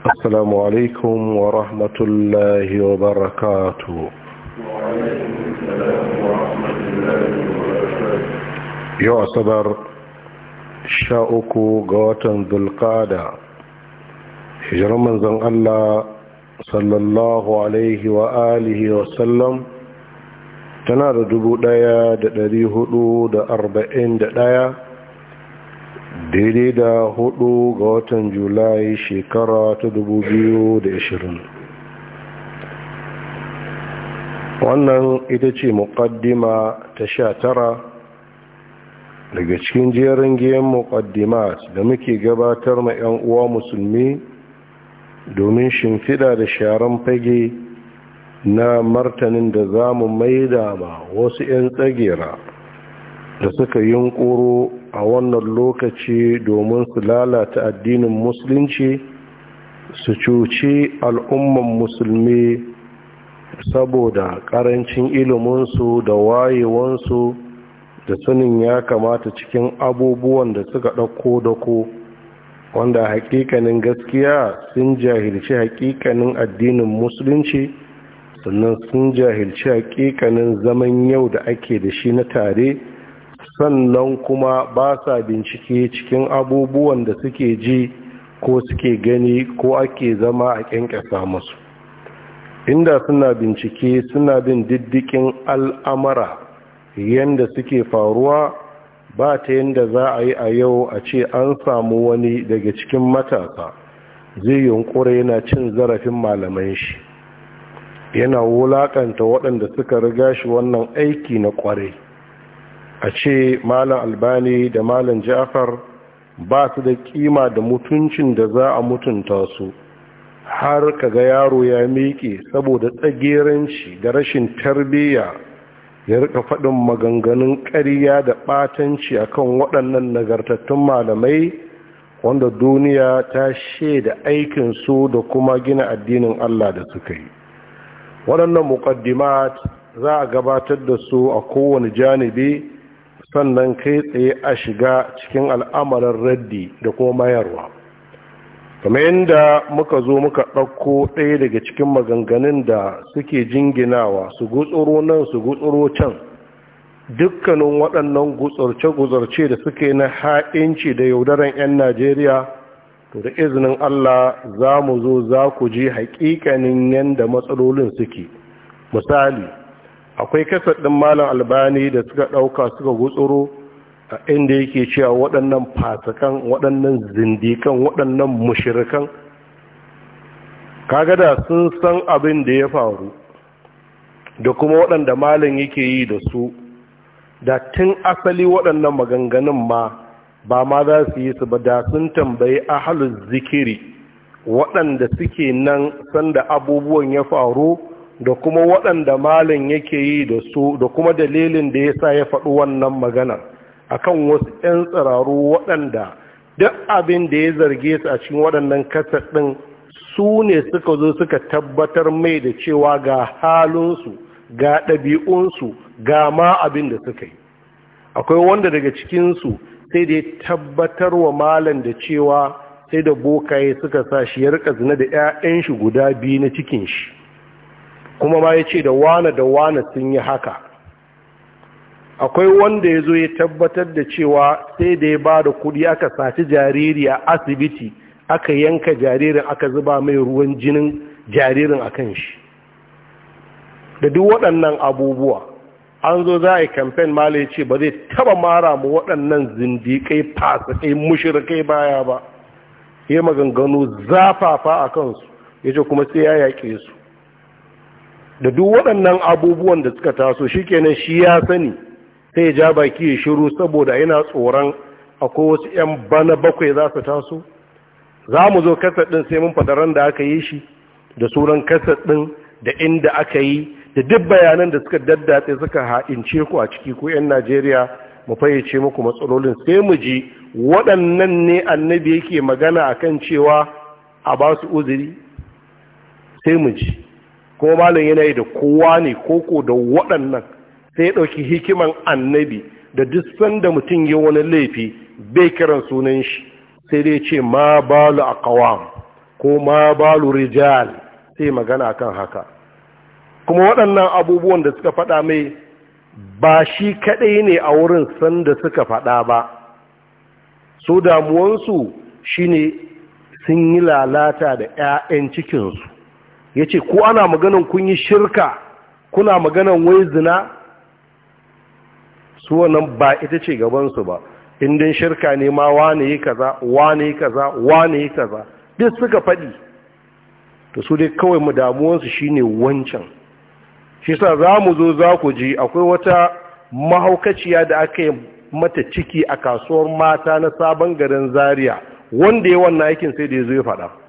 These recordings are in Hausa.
السلام عليكم ورحمة الله وبركاته يا صبر شاءك قوتا ذو القادة هجر من زن الله صلى الله عليه وآله وسلم تنادى دبو دايا دا دريه دا أربعين دا دايا daidai da hudu ga watan julai shekara ta dubu biyu da ashirin. wannan ita ce muƙaddima ta sha tara daga cikin jerin giyan muƙaddimat da muke gabatar ma 'yan uwa musulmi domin shimfida da sharan fage na martanin da za mu maida ma wasu 'yan tsagera da suka yi ƙoro a wannan lokaci domin su lalata addinin musulunci su cuci al'umman musulmi saboda ƙarancin iliminsu da wayewansu da sanin ya kamata cikin abubuwan da suka ɗauko dako wanda hakikanin gaskiya sun jahilci hakikanin addinin musulunci sannan sun jahilci hakikanin zaman yau da ake da shi na tare sannan kuma ba sa bincike cikin abubuwan da suke ji ko suke gani ko ake zama a kyankyasa musu inda suna bincike suna bin diddikin al'amara yadda suke faruwa ba ta yadda za a yi a yau a ce an samu wani daga cikin matasa zai yunkura yana cin zarafin malaman shi yana wulaƙanta waɗanda suka riga shi wannan aiki na ƙwarai a ce malam albani da malam jafar ba su da kima da mutuncin da za a mutunta su har ka ga yaro ya miƙe saboda tsageranci da rashin tarbiyya ya rika faɗin maganganun ƙarya da ɓatanci akan waɗannan nagartattun malamai wanda duniya ta shaida aikinsu da kuma gina addinin Allah da suka yi waɗannan muƙaddimat za a gabatar da su a kowane janibi sannan kai tsaye a shiga cikin al'amarin raddi da kuma mayarwa kamar yadda muka zo muka ɗauko ɗaya daga cikin maganganun da suke jinginawa su gutsuro nan su gutsuro can dukkanin waɗannan gutsurce-gutsurce da suke na haɗinci da yaudaran 'yan najeriya to da izinin allah za mu zo za ku ji haƙiƙanin yadda matsalolin suke misali akwai kasar ɗin malam albani da suka ɗauka suka gutsuro a inda yake cewa waɗannan fasikan waɗannan zindikan waɗannan mushirikan kaga da sun san abin da ya faru da kuma waɗanda malam yake yi da su da tun asali waɗannan maganganun ma ba ma za su yi su ba da sun tambayi halin zikiri waɗanda suke nan sanda abubuwan ya faru da kuma waɗanda malin yake yi da su da kuma dalilin da ya sa ya faɗi wannan maganar akan wasu 'yan tsiraru waɗanda duk abin da ya zarge su a cikin waɗannan kasar ɗin su ne suka zo suka tabbatar mai da cewa ga halinsu ga ɗabi'unsu ga ma abin da suka yi akwai wanda daga cikinsu sai da ya tabbatar wa malam da cewa sai da bokaye suka sa shi ya rika zina da 'ya'yan shi guda biyu na cikin shi kuma ma ya ce da wane da wane sun yi haka akwai wanda ya zo ya tabbatar da cewa sai da ya ba da kudi aka saci jariri a asibiti aka yanka jaririn aka zuba mai ruwan jinin jaririn a kan shi da duk waɗannan abubuwa an zo za a yi kamfen mala ya ce ba zai taba mara mu waɗannan zindiƙai fasakai mushirikai baya ba ya maganganu zafafa a kansu ya ce kuma sai ya yaƙe su da duk waɗannan abubuwan da suka taso shikenan shi ya sani sai ya ja baki ya shiru saboda yana tsoron akwai wasu 'yan bana bakwai za su taso za mu zo kasar ɗin sai mun fadaran da aka yi shi da suran kasar ɗin da inda aka yi da duk bayanan da suka daddatse suka ha'ince ku a ciki ko 'yan najeriya mu fayyace muku matsalolin sai mu ji waɗannan ne annabi yake magana a kan cewa a ba su uzuri sai mu ji ko malam yana yi da kowa ne koko da waɗannan sai ya ɗauki hikiman annabi da duk sanda mutum ya wani laifi bai kiran sunan shi sai dai ce ma balu a kawam ko ma balu rijal sai magana kan haka kuma waɗannan abubuwan da suka faɗa mai ba shi kaɗai ne a wurin sanda suka faɗa ba su damuwansu shine sun yi lalata da 'ya'yan cikinsu ya ce ko ana maganin kun yi shirka kuna maganin wai zina su wannan ba ita ce gabansu ba indin shirka ne ma wane yi kaza wane yi kaza wane yi kaza duk suka faɗi to su dai kawai mu damuwansu shine wancan shi sa za mu zo za ku ji akwai wata mahaukaciya da aka yi mata ciki a kasuwar mata na sabon garin zaria wanda ya wannan aikin sai da ya zo ya faɗa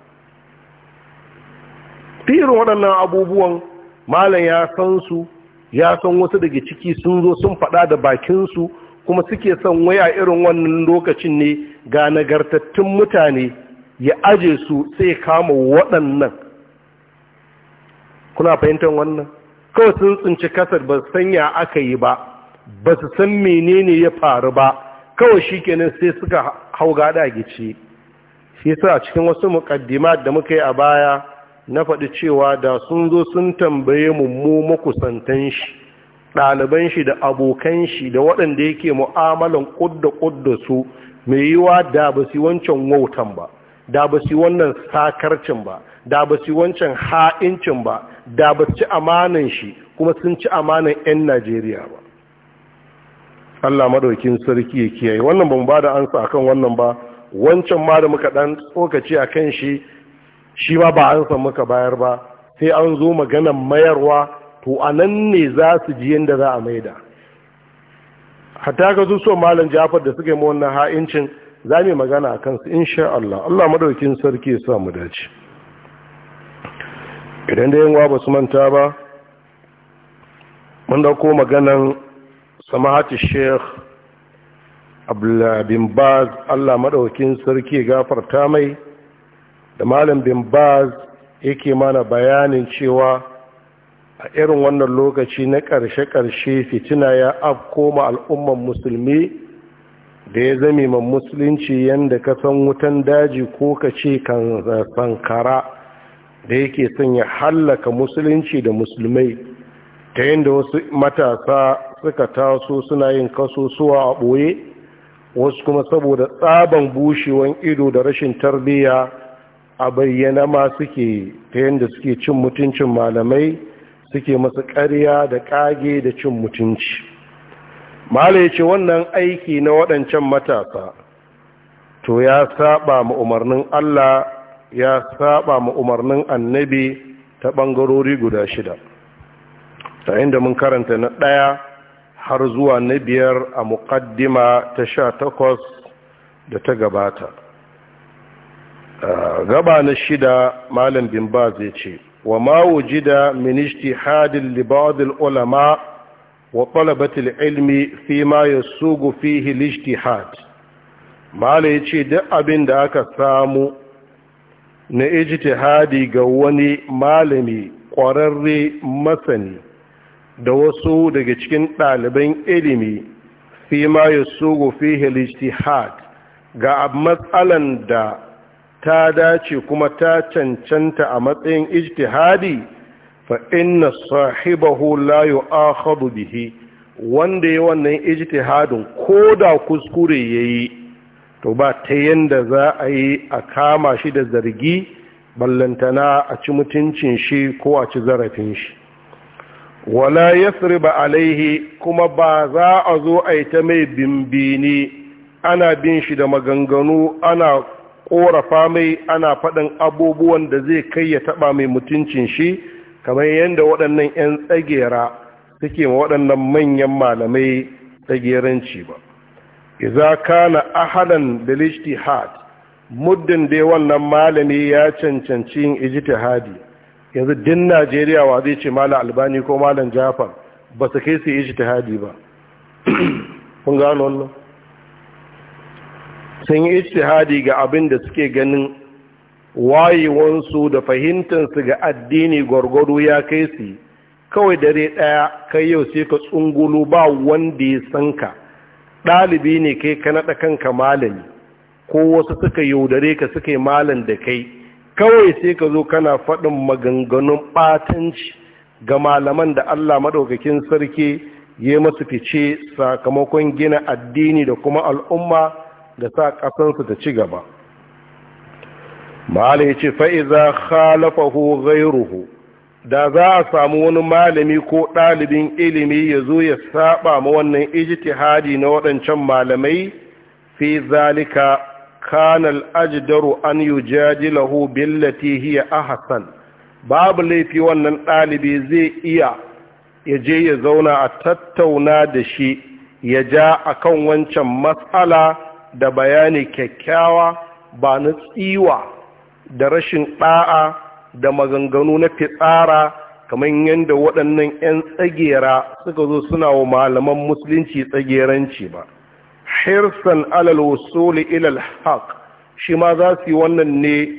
irin waɗannan abubuwan malam ya san su ya san wasu daga ciki sun zo sun faɗa da bakinsu kuma suke son waya irin wannan lokacin ne ga nagartattun mutane ya aje su sai kama waɗannan kuna fahimtar wannan kawai sun tsinci kasar ba sanya aka yi ba ba su san menene ya faru ba kawai shi kenan sai suka hau gada gici shi sa cikin wasu muƙaddima da muka yi a baya na faɗi cewa da sun zo sun tambaye mu makusantan shi ɗaliban shi da abokan shi da waɗanda yake mu'amalan ƙudda-ƙudda su mai yiwa da ba su wancan wautan ba da ba su wannan sakarcin ba da ba su wancan ha'incin ba da ba ci amanan shi kuma sun ci amanan 'yan najeriya ba allah madaukin sarki ya kiyaye wannan ba mu ba da ansa akan wannan ba wancan ma da muka ɗan tsokaci a kan shi shi ma ba an san maka bayar ba sai an zo maganan mayarwa to a nan ne za su ji yadda za a maida hatta ga zuwa malam jafar da suka yi wannan ha'incin za mu magana a kansu insha Allah Allah madaukin sarki ya sa mu dace idan da yanwa ba su manta ba mun dauko maganan samahati sheikh abdullah bin baz Allah madaukin sarki ya gafarta mai da malam bin baz yake mana bayanin cewa a irin wannan lokaci na ƙarshe-ƙarshe fitina ya afkoma al'umman musulmi da ya zame ma musulunci yadda ka san wutan daji ko ka ce kan sankara da yake son ya hallaka musulunci da musulmai ta yadda wasu matasa suka taso suna yin kasusuwa a ɓoye wasu kuma saboda tsaban bushewan ido da rashin tarbiyya a bayyana ma suke ta yadda suke cin mutuncin malamai suke masu ƙarya da ƙage da cin mutunci malai ce wannan aiki na waɗancan matasa to ya saba ma umarnin Allah ya saba ma umarnin annabi ta ɓangarori guda shida ta inda mun karanta na ɗaya har zuwa na biyar a muƙaddima ta sha takwas da ta gabata gaba na shida malam bin ba zai ce wa ma wujida da ijtihadin li ulama wa ɓalabatul ilmi fi ma yasugu fi hilishti had malam yace duk abin da aka samu na hadi ga wani malami ƙwararre masani da wasu daga cikin ɗaliban ilimi fi ma yasugu fi hilishti had ga matsalan da ta dace kuma ta cancanta a matsayin ijtihadi fa inna sahibahu la yu'akhadhu bihi wanda ya wannan ijtihadin koda kuskure yayi to ba ta yanda za a yi a kama shi da zargi ballantana a ci mutuncin shi ko a ci zarafin shi wala yasriba alaihi kuma ba za a zo a yi ta mai bimbini ana bin shi da maganganu ana korafa mai ana faɗin abubuwan da zai kai ya taɓa mai mutuncin shi kamar yadda waɗannan 'yan tsagera suke ma waɗannan manyan malamai tsageranci ba iza kana ahalan da ijtihad muddin dai wannan malami ya cancanci yin ijtihadi yanzu din Najeriya wa zai ce malam Albani ko malam Jafar ba su kai su ijtihadi ba kun gano wannan sun yi ijtihadi ga abin da suke ganin wayewansu da fahimtansu ga addini gwargwado ya kai su kawai dare ɗaya kai yau sai ka tsungulu ba wanda ya san ka ɗalibi ne kai ka naɗa kanka malami ko wasu suka yaudare ka suka yi malam da kai kawai sai ka zo kana faɗin maganganun ɓatanci ga malaman da allah maɗaukakin sarki ya masu fice sakamakon gina addini da kuma al'umma da sa ƙasarsu ta ci gaba mala fa'iza khalafahu ghairuhu da za a samu wani malami ko ɗalibin ilimi ya zo ya saba ma wannan ijtihadi na waɗancan malamai fi zalika kanal ajdaru an yujadilahu billati hiya ahsan babu laifi wannan ɗalibi zai iya ya je ya zauna a tattauna da shi ya ja akan wancan matsala da bayani kyakkyawa ba na tsiwa da rashin ɗa'a da maganganu na fitsara kamar yadda waɗannan 'yan tsagera suka zo suna wa malaman musulunci tsageranci ba hirsan alal wasuli ilal haq shi ma za su yi wannan ne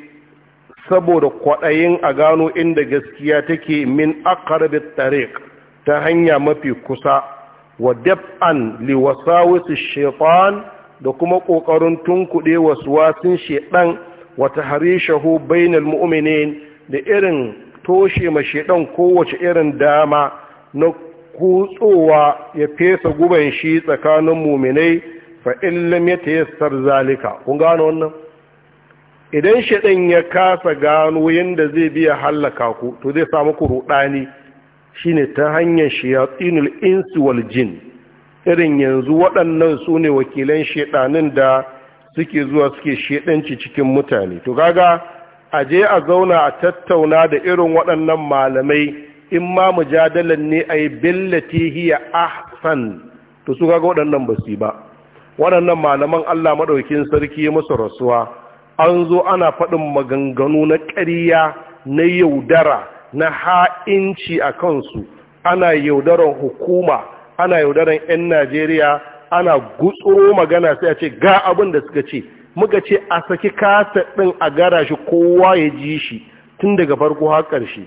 saboda kwaɗayin a gano inda gaskiya take min akarabit tariq ta hanya mafi kusa wa dab'an liwasawisu shaitan da kuma ƙoƙarin tunkuɗe wasu wasin shedan wata shahu bainal mu'minin da irin toshe ma shedan kowace irin dama na kutsowa ya fesa guban shi tsakanin muminai fa illam yatayassar zalika kun gano wannan idan shedan ya kasa gano yanda zai biya hallaka ku to zai samu ku rudani shine ta hanyar shayatinul insi wal jinn irin yanzu waɗannan su ne wakilan shedanin da suke zuwa suke shaiɗanci cikin mutane to kaga a je a zauna a tattauna da irin waɗannan malamai in ma mujadalan ne a yi billati hiya ahsan to su kaga waɗannan ba su ba waɗannan malaman Allah maɗaukin sarki musu rasuwa an zo ana faɗin maganganu na ƙarya na yaudara na ha'inci a kansu ana yaudaran hukuma ana yaudaran 'yan najeriya ana gutsuro magana sai a ce ga abin da suka ce muka ce a saki kasa ɗin a gara shi kowa ya ji shi tun daga farko har ƙarshe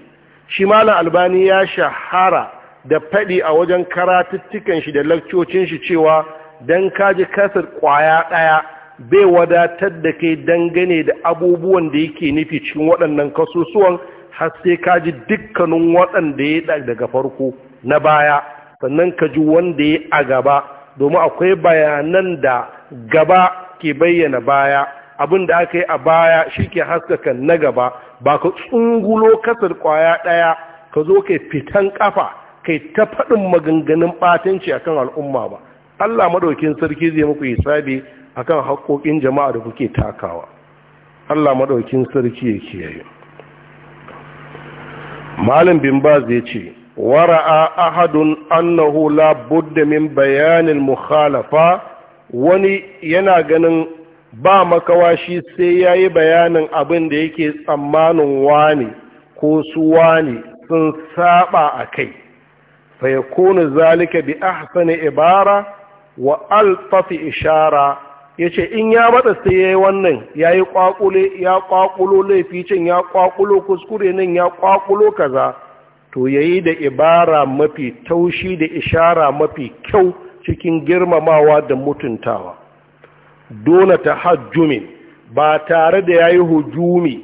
shi malam albani ya shahara da faɗi a wajen karatuttukan shi da lakcocin shi cewa don kaji kasar ƙwaya ɗaya bai wadatar da kai dangane da abubuwan da yake nufi cikin waɗannan kasusuwan har sai kaji dukkanin waɗanda ya daga farko na baya sannan ka ji wanda ya a gaba domin akwai bayanan da gaba ke bayyana baya abin da aka yi a baya shi ke haskaka na gaba ba ka tsungulo kasar kwaya ɗaya ka zo kai fitan ƙafa kai ta faɗin maganganun ɓatanci akan al'umma ba allah maɗaukin sarki zai muku hisabi akan haƙoƙin jama'a da kuke takawa allah maɗaukin sarki ya kiyaye malam bin ba ya ce wara'a ahadun annahu la budda min bayanin mukhalafa wani yana ganin ba makawa shi sai ya yi bayanin abin da yake tsammanin wani ko su wani sun saba a kai fa ya zalika bi ahsani ibara wa alfafi ishara ya ce in ya matsa sai ya yi wannan ya yi kwakulo laifi can ya kwakulo kuskure nan ya kwakulo kaza to yayi da ibara mafi taushi da ishara mafi kyau cikin girmamawa da mutuntawa dole ta hajjumin ba tare da yayi hujumi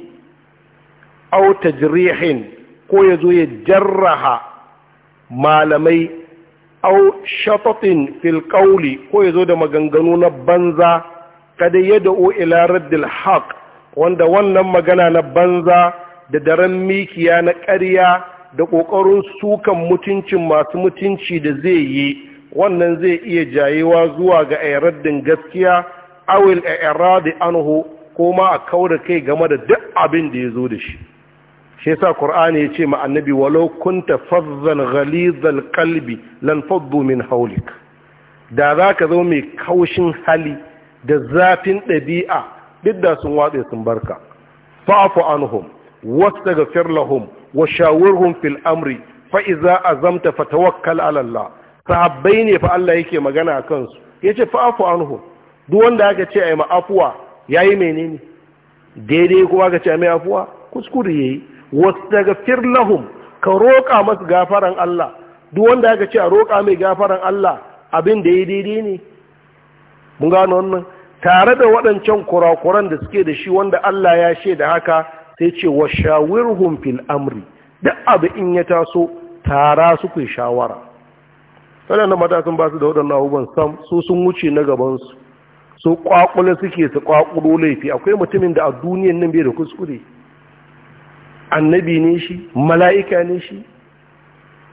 au tajrihin ko yazo ya jarraha malamai au shatatin fil ko yazo da maganganu na banza kada ya da'o ila raddil haq wanda wannan magana na banza da daren mikiya na ƙarya da ƙoƙarin sukan mutuncin masu mutunci da zai yi wannan zai iya jayewa zuwa ga ayaraddin gaskiya awil iradi anhu ko ma a kaure kai game da duk abin da ya zo da shi shi yasa qur'ani ya ce ma annabi walau kunta fazzan ghalizal qalbi lan faddu min hawlik da zaka zo mai kaushin hali da zafin ɗabi'a duk da sun watse sun barka fa'fu anhum wastaghfir lahum washawurhum fil amri fa iza azamta fatawakkal ala Allah sahabbai ne fa Allah yake magana a kansu yace fa afu anhu duk wanda aka ce ai ma'afuwa yayi menene daidai kuma aka ce ai ma'afuwa kuskure yayi wastaghfir lahum ka roƙa masu gafaran Allah duk wanda aka ce a roƙa mai gafaran Allah abin da yayi daidai ne mun gano wannan tare da waɗancan kurakuran da suke da shi wanda Allah ya shaida da haka sai ce wa shawirhum fil amri duk abu in ya taso tara su ku shawara waɗannan matakan ba su da waɗannan abubuwan sam su sun wuce na gabansu su kwakule suke su kwakulo laifi akwai mutumin da a duniyan nan bai da kuskure annabi ne shi mala'ika ne shi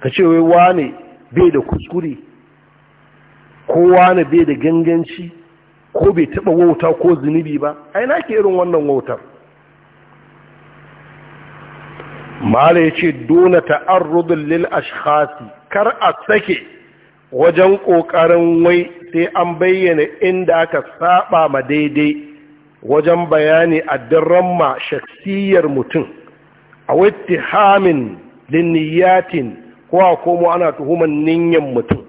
ka ce wai wane bai da kuskure ko wane bai da ganganci ko bai taɓa wauta ko zunubi ba ai na ke irin wannan wautar mala ya ce duna ta'arrudun lil ashkhasi kar a sake wajen ƙoƙarin wai sai an bayyana inda aka saba ma daidai wajen bayani a ma shaksiyar mutum a Hamin, liniyatin ko a komo ana tuhuman ninyan mutum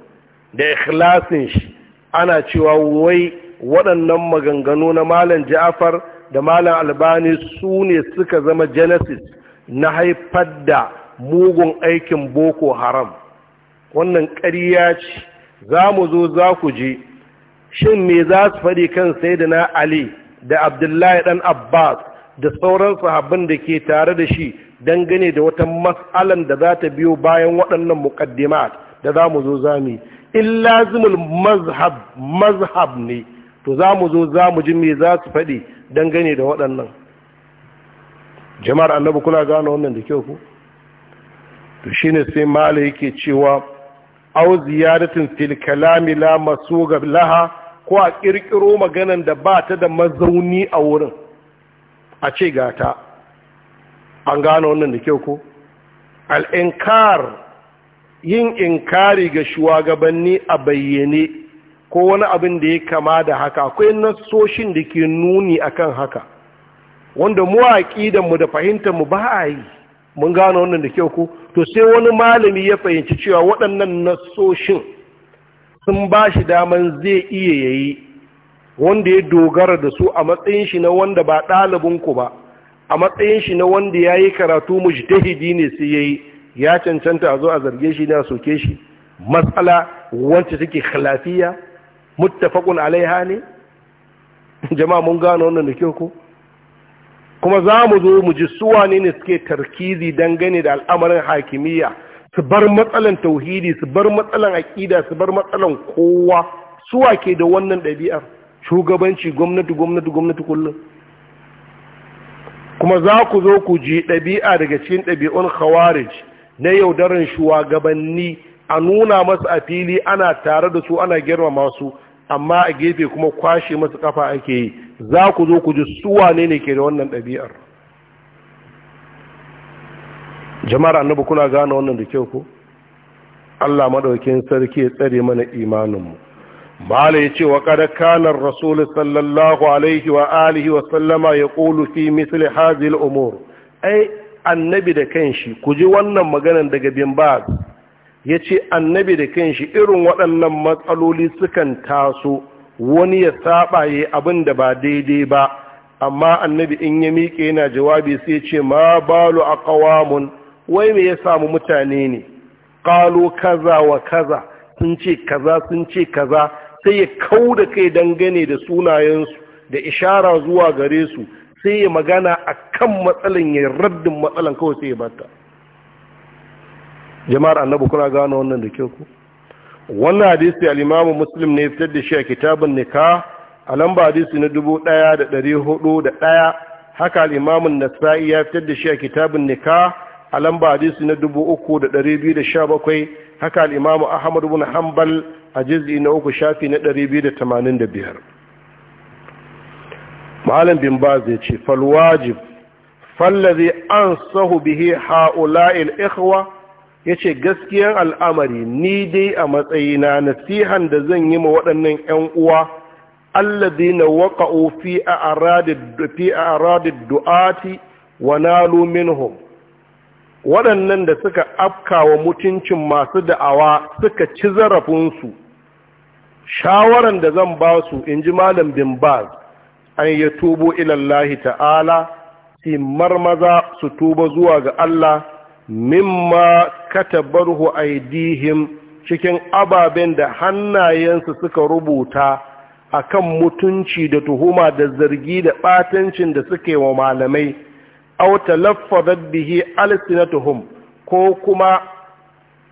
da ikhlasin shi ana cewa wai waɗannan maganganu na malam ja'far da malam albani su ne suka zama genesis na haifar da mugun aikin boko haram wannan ƙarya ce za mu zo za ku je shin me za su faɗi kan na ali da abdullahi ɗan abbas da sauran sahabban da ke tare da shi don gane da wata matsalan da za ta biyo bayan waɗannan muƙaddimat da za mu zo za mu in lazimul mazhab mazhab ne to za mu zo za mu ji me za su faɗi don gane da waɗannan jama'ar annabi kuna gano wannan da kyau ku to shine sai mala yake cewa au ziyadatin fil kalami la masuga laha ko a kirkiro maganan da ba ta da mazauni a wurin a ce gata an gano wannan da kyau ko al inkar yin inkari ga shugabanni a bayyane ko wani abin da ya kama da haka akwai nasoshin da ke nuni akan haka wanda mu a mu da fahimtar mu ba a yi mun gano wannan da kyau ku. to sai wani malami ya fahimci cewa waɗannan nasoshin sun ba shi daman zai iya yayi wanda ya dogara da su a matsayin shi na wanda ba ɗalibinku ba a matsayin shi na wanda ya yi karatu mujtahidi ne sai yayi ya cancanta a zo a zarge shi na soke shi matsala wacce take khilafiya muttafaqun alaiha ne jama'a mun gano wannan da kyau ku. kuma za mu zo mu ji suwa ne ne suke tarkizi dangane da al'amarin hakimiyya su bar matsalan tauhidi su bar matsalan aƙida su bar matsalan kowa suwa ke da wannan ɗabi'ar shugabanci gwamnati gwamnati gwamnati kullum kuma za ku zo ku ji ɗabi'a daga cikin ɗabi'un khawarij na yaudaran shugabanni a nuna masu a fili ana tare da su ana girmama su amma a gefe kuma kwashe masu kafa ake yi za ku zo ku ji suwa ne ne ke da wannan ɗabi'ar jama'ar annabu kuna gane wannan da kyau ko Allah maɗaukin sarki ya tsare mana imaninmu mala yace wa qad kana ar-rasul sallallahu alaihi wa alihi wa sallama ƙulu fi mithli hadhihi umur ai annabi da kanshi ku ji wannan maganan daga bin Ya ce annabi da kanshi irin waɗannan matsaloli sukan taso wani ya saba yi abin da ba daidai ba amma annabi in ya miƙe yana jawabi sai ce ma balu kawamun wai mai ya samu mutane ne Ƙalo kaza wa kaza sun ce kaza sun ce kaza sai ya kau da kai dangane da sunayensu da ishara zuwa gare su sai ya magana a kan matsalin ya raddin matsalan kawai sai ya bata jama'ar annabi kuna gano wannan da kyau ku wannan hadisi al-imamu muslim ne fitar da shi a kitabun nikah a lamba hadisi na dubu ɗaya da ɗari da ɗaya haka al'imamun nasa'i ya fitar da shi a kitabun nika a lamba hadisi na dubu uku da ɗari biyu da sha bakwai haka al'imamu ahmad bin hanbal a jizi na uku shafi na ɗari biyu da tamanin da biyar malam bin baz ya ce falwajib fallazi an sahu bihi ha'ula'il ikhwa ya ce gaskiyar al'amari ni dai a matsayina nasihan da zan yi ma waɗannan ‘yan uwa allazi na waka ofi a aradid du'ati wa nalu minhum waɗannan da suka afkawa mutuncin masu da'awa suka ci zarafinsu shawaran da zan ba su in ji malam bin baz an yi tubo ilallahi ta'ala si marmaza su tuba zuwa ga Allah mimma katabarhu aidihim cikin ababen da hannayensu suka rubuta akan mutunci da tuhuma da zargi da batancin da suke wa malamai aw talaffadat bihi alsinatuhum ko kuma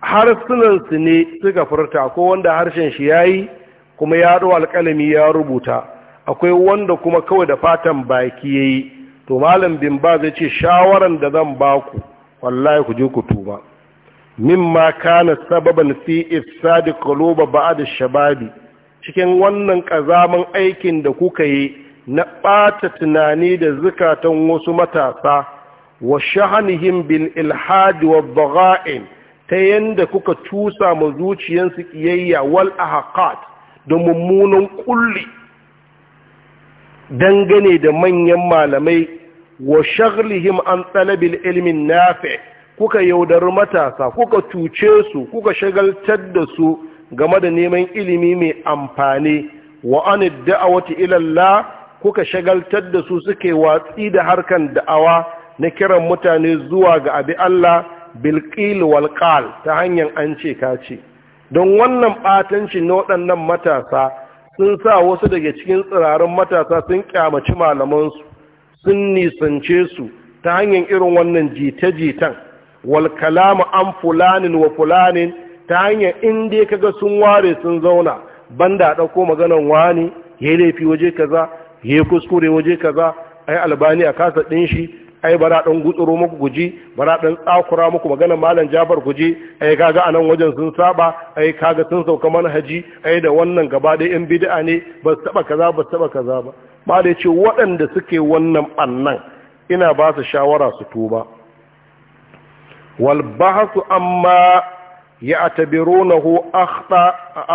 harsunansu ne suka furta ko wanda harshen shi yayi kuma ya ɗau alƙalami ya rubuta akwai wanda kuma kawai da fatan baki yayi to malam bin ba zai ce shawaran da zan baku wallahi ku je ku tuba mimma kana sababan fi ifsadi quluba ba'da shababi cikin wannan kazaman aikin da kuka yi na ɓata tunani da zukatan wasu matasa wa shahanihim bil ilhadi wa dhaga'in ta yanda kuka cusa ma zuciyansu kiyayya wal ahqat da mummunan kulli dangane da manyan malamai wa shaglihim an talabil ilmin nafi kuka yaudari matasa kuka cuce su kuka shagaltar da su game da neman ilimi mai amfani wa an da'awati ila Allah kuka shagaltar da su suke watsi da harkan da'awa na kiran mutane zuwa ga abi Allah bil qil wal qal ta hanyar an ce ka don wannan batanci na waɗannan matasa sun sa wasu daga cikin tsirarin matasa sun kyamaci malamansu sun nisance su ta hanyar irin wannan jita-jitan wal kalamu an fulanin wa fulanin ta hanyar inda ga sun ware sun zauna banda ko maganan wani ya laifi waje kaza ya kuskure waje kaza ai albani a kasa ɗin shi ai bara baraɗin gutsuro muku guji bara tsakura muku magana malam jabar guji ai kaga anan wajen sun saba ai kaga sun sauka manhaji ai da wannan gaba da yan bid'a ne ba su taba kaza ba su taba kaza ba ba da ce waɗanda suke wannan ɓannan ina ba su shawara su tuba wal su amma ya atabirunahu akhta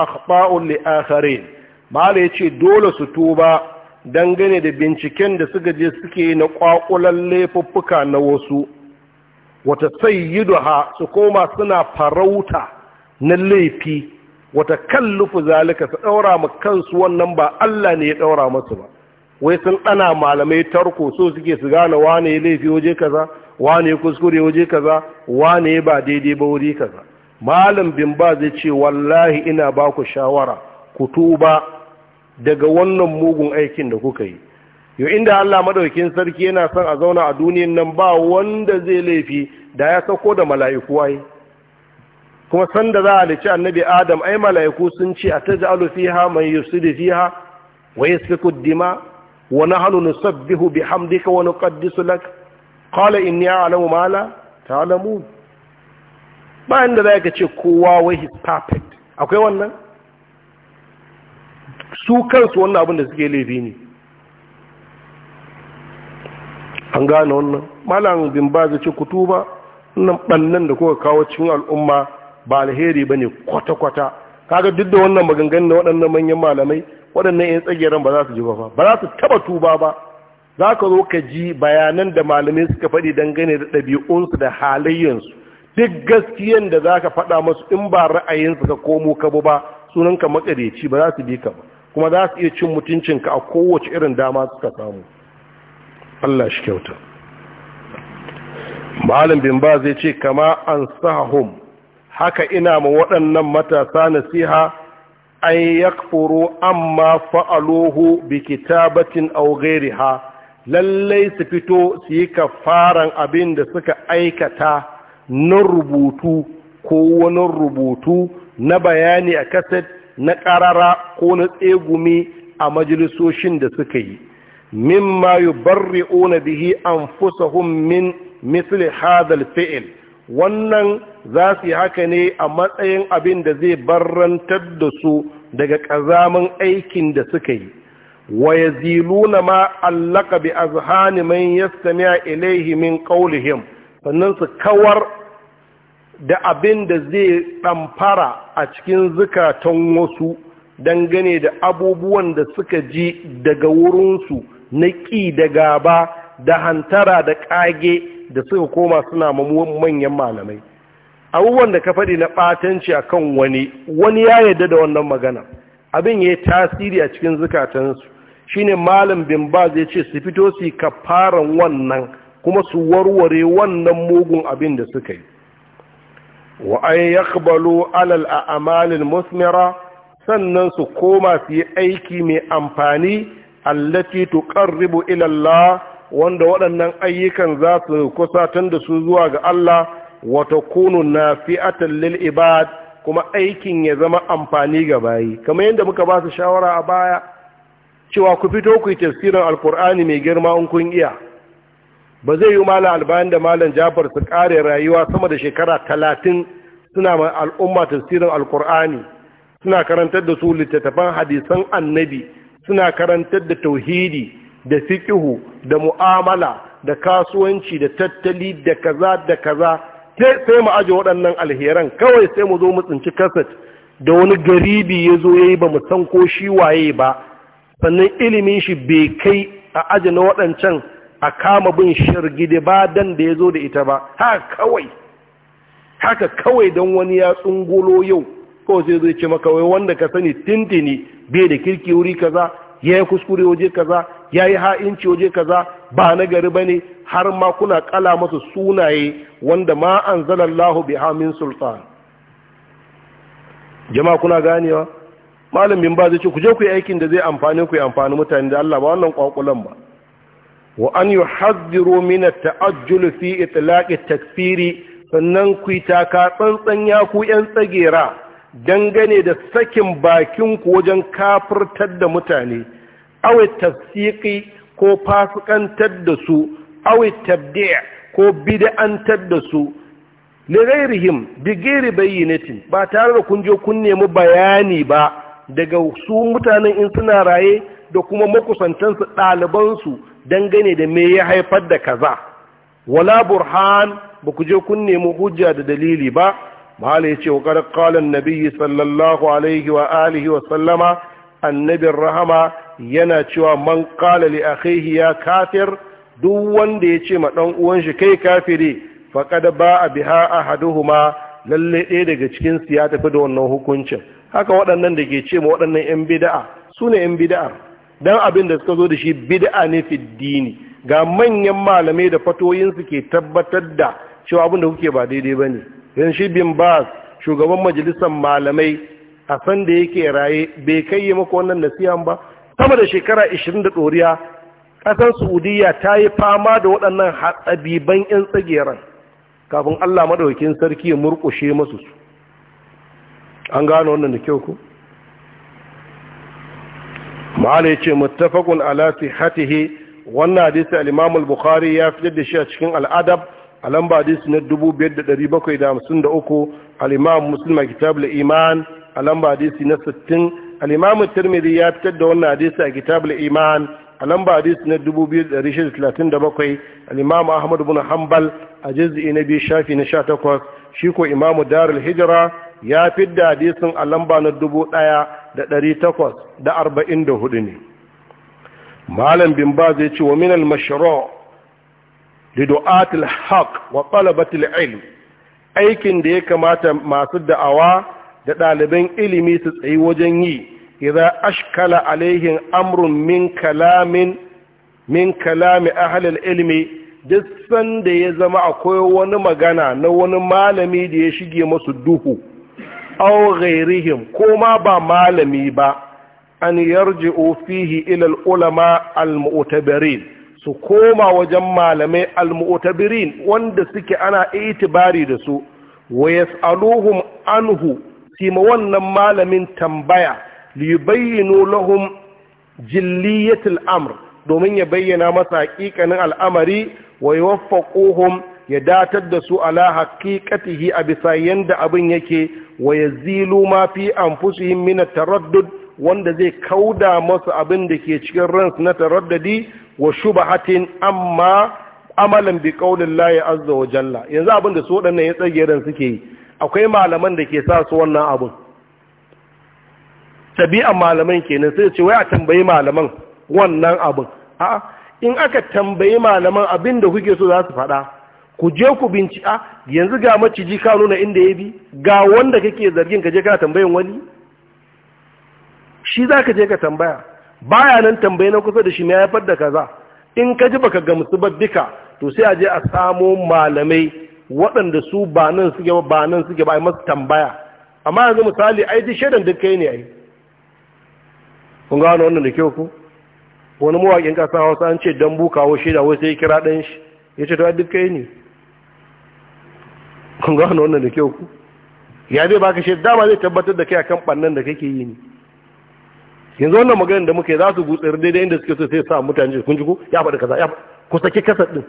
akhta'un a akharin ba da ce dole su tuba dangane da binciken da suka je suke na ƙwaƙulan laifuffuka na wasu wata doha su koma suna farauta na laifi wata kan lufu zalika su ɗaura ma kansu wannan ba Allah ne ya ɗaura masu ba wai sun ɗana malamai tarko so suke su gane wane ya laifi waje kaza wane ya kuskure waje kaza wane ya ba daidai ba wuri kaza malam bin ba zai ce wallahi ina ba ku shawara ku tuba daga wannan mugun aikin da kuka yi yau inda Allah madaukin sarki yana son a zauna a duniyan nan ba wanda zai laifi da ya sauko da mala'iku wai kuma sanda za a lici annabi Adam ai mala'iku sun ce a taji alu fiha man yusdi fiha wa yasfiku dima ونحن نسبه بحمدك ونقدس لك قال إني أعلم ما لا تعلمون ما عند za ka ce kowa wai his perfect akwai wannan su kansu wannan abin da suke laifi ni. an gane wannan malam bin ba zai ce kutu ba nan bannan da kuka kawo cikin al'umma ba alheri ba ne kwata-kwata kaga duk da wannan maganganun na waɗannan manyan malamai waɗannan 'yan tsageren ba za su ji ba ba za su taba tuba ba za ka zo ka ji bayanan da malamai suka faɗi dangane da ɗabi'unsu da halayyansu duk gaskiyan da za ka faɗa masu in ba ra'ayinsu ka komo ka ba sunan ka makareci ba za su bi ka ba kuma za su iya cin mutuncinka a kowace irin dama suka samu Allah shi kyauta malam bin ba zai ce kama an sahum haka ina ma waɗannan matasa nasiha an yakfuru amma fa'aluhu bi kitabatin aw riha lallai su fito su yi kafaran abin da suka aikata na rubutu ko wani rubutu na bayani a kaset na ƙarara ko na tsegumi a majalisoshin da suka yi mimma yubarri'una bihi an anfusahum min misli hadal fi'il wannan za su yi haka ne a matsayin abin da zai barrantar da su daga ƙazamin aikin da suka yi wa ya ziluna ma allaka bi azhani man yastami'a ilaihi min qawlihim sannan su kawar da abin da zai ɗamfara a cikin zukatan wasu dangane da abubuwan da suka ji daga wurinsu na ƙi da gaba da hantara da ƙage da suka koma suna manyan malamai abubuwan da ka faɗi na ɓatanci a kan wani wani ya yadda da wannan magana abin ya yi tasiri a cikin zukatansu shine malam bin ba zai ce su fito su kafaran wannan kuma su warware wannan mugun abin da suka yi wa an yaqbalu alal a'malil musmira sannan su koma su yi aiki mai amfani allati tuqarribu ila Allah wanda waɗannan ayyukan za su kusatar da su zuwa ga Allah wata kunu na fi'atan lil ibad kuma aikin ya zama amfani ga bayi kamar yadda muka ba su shawara a baya cewa ku fito ku yi tafsirin alkur'ani mai girma in kun iya ba zai yi malam albayan da malam jafar su kare rayuwa sama da shekara talatin suna ma al'umma tafsirin alkur'ani suna karantar da su littattafan hadisan annabi suna karantar da tauhidi da fiƙihu da mu'amala da kasuwanci da tattali da kaza da kaza sai mu aje waɗannan alheran kawai sai mu zo mu tsinci kasat da wani garibi ya zo ya yi ba mu san ko shi waye ba sannan ilimin shi bai kai a aje na waɗancan a kama bin shirgide ba dan da ya zo da ita ba haka kawai haka kawai don wani ya tsungulo yau kawai sai zai ce maka wai wanda ka sani tintini bai da kirki wuri kaza ya yi kuskure waje kaza ya yi ha'inci waje kaza ba na gari ba ne har ma kuna kala masa sunaye wanda ma an zalallahu bi hamin sultan jama'a kuna ganewa malamin ba zai ce ku je ku yi aikin da zai amfani ku yi amfani mutane da Allah ba wannan kwakulan ba wa an yi haziro mina taajjul fi itlaq takfiri sannan ku taka tsantsan ya ku yan tsagera dangane da sakin bakin ku wajen kafirtar da mutane awi tafsiƙi ko fasikantar da su awi tabdi' ko bid'antar da su li ghairihim bi ghairi bayyinatin ba tare da kun je kun nemi bayani ba daga su mutanen in suna raye da kuma makusantansu ɗalibansu dangane da me ya haifar da kaza wala burhan ba ku je kun nemi hujja da dalili ba mahala ya ce wa ƙarar ƙalan nabiyyi sallallahu alaihi wa alihi wa sallama annabin rahama yana cewa man kala li akhihi ya kafir duk wanda ya ce ma dan uwan shi kai kafiri faqad ba'a biha ahaduhuma lalle ɗaya daga cikin su ya tafi da wannan hukuncin haka waɗannan da ke ce ma waɗannan yan bid'a su ne yan bid'a dan abin da suka zo da shi bid'a ne fi dini ga manyan malamai da fatoyinsu ke tabbatar da cewa abin da kuke ba daidai bane yan shi bin bas shugaban majalisar malamai a san da yake raye bai kai maka wannan nasihan ba sama da shekara 20 da ɗoriya ƙasar saudiya ta yi fama da waɗannan hatsabiban 'yan tsageren kafin allah maɗaukin sarki ya murƙushe masu su an gano wannan da kyau ku ma'ala ya ce mutafakun alati hatihi wannan hadisi alimamul bukhari ya fi da shi a cikin al'adab a lamba hadisi na 2753 al-imam muslim kitab al-iman a lamba hadisi na 60 al-imamu ya fitar da wannan hadisi a kitabul iman a lamba hadisi na 2637 al-imamu ahmad ibn hanbal a juz'i na biyu shafi na 18 shi ko imamu darul hijra ya da hadisin a lamba na 1844 ne malam bin baz ya ce wa min al-mashru' li du'at haq wa talabat ilm aikin da ya kamata masu da'awa da ɗaliban ilimi su tsayi wajen yi iza ashkala alaihin amrun min kalamin min kalami halin ilimi duk sanda ya zama akwai wani magana na wani malami da ya shige masu duhu au ghairihim ko ma ba malami ba an yarji ofihi ilal ulama al-mu'tabirin su koma wajen malamai al-mu'tabirin wanda suke ana itibari da su wa yas'aluhum anhu sima wannan malamin tambaya liyubayyinu lahum jilliyatul amr domin ya bayyana masa haƙiƙanin al'amari wa yuwaffaquhum ya datar da su ala haqiqatihi a bisa yanda abin yake wa yazilu ma fi anfusihim min taraddud wanda zai kauda masu abin da ke cikin ransu na taraddadi wa shubahatin amma amalan bi qaulillahi azza wa jalla yanzu abin da su waɗannan ya tsage ran suke yi akwai malaman da ke sa su wannan abun tabi'an malaman kenan sai ce wai a tambayi malaman wannan abun a in aka tambayi malaman abin da kuke so za su faɗa ku je ku bincika yanzu ga maciji ka nuna inda ya bi ga wanda kake zargin ka je ka tambayin wani shi za ka je ka tambaya baya nan tambayi na kusa da shi mai haifar da kaza in ka ji baka gamsu ba duka to sai a je a samo malamai waɗanda su ba nan suke ba ba nan suke ba a yi masu tambaya amma yanzu misali a yi ta shaidan duk kai ne a yi kun gano wannan da kyau ku wani mawaƙin ƙasa hausa an ce don bukawo shaida wai sai kira ɗan shi ya ce to duk kai ne kun gano wannan da kyau ku ya zai baka shaida dama zai tabbatar da kai kan ɓannan da kake yi ne yanzu wannan maganin da muke za su gutsar daidai inda suke so sai sa mutane kun ji ku ya faɗi kaza ya ku saki kasar din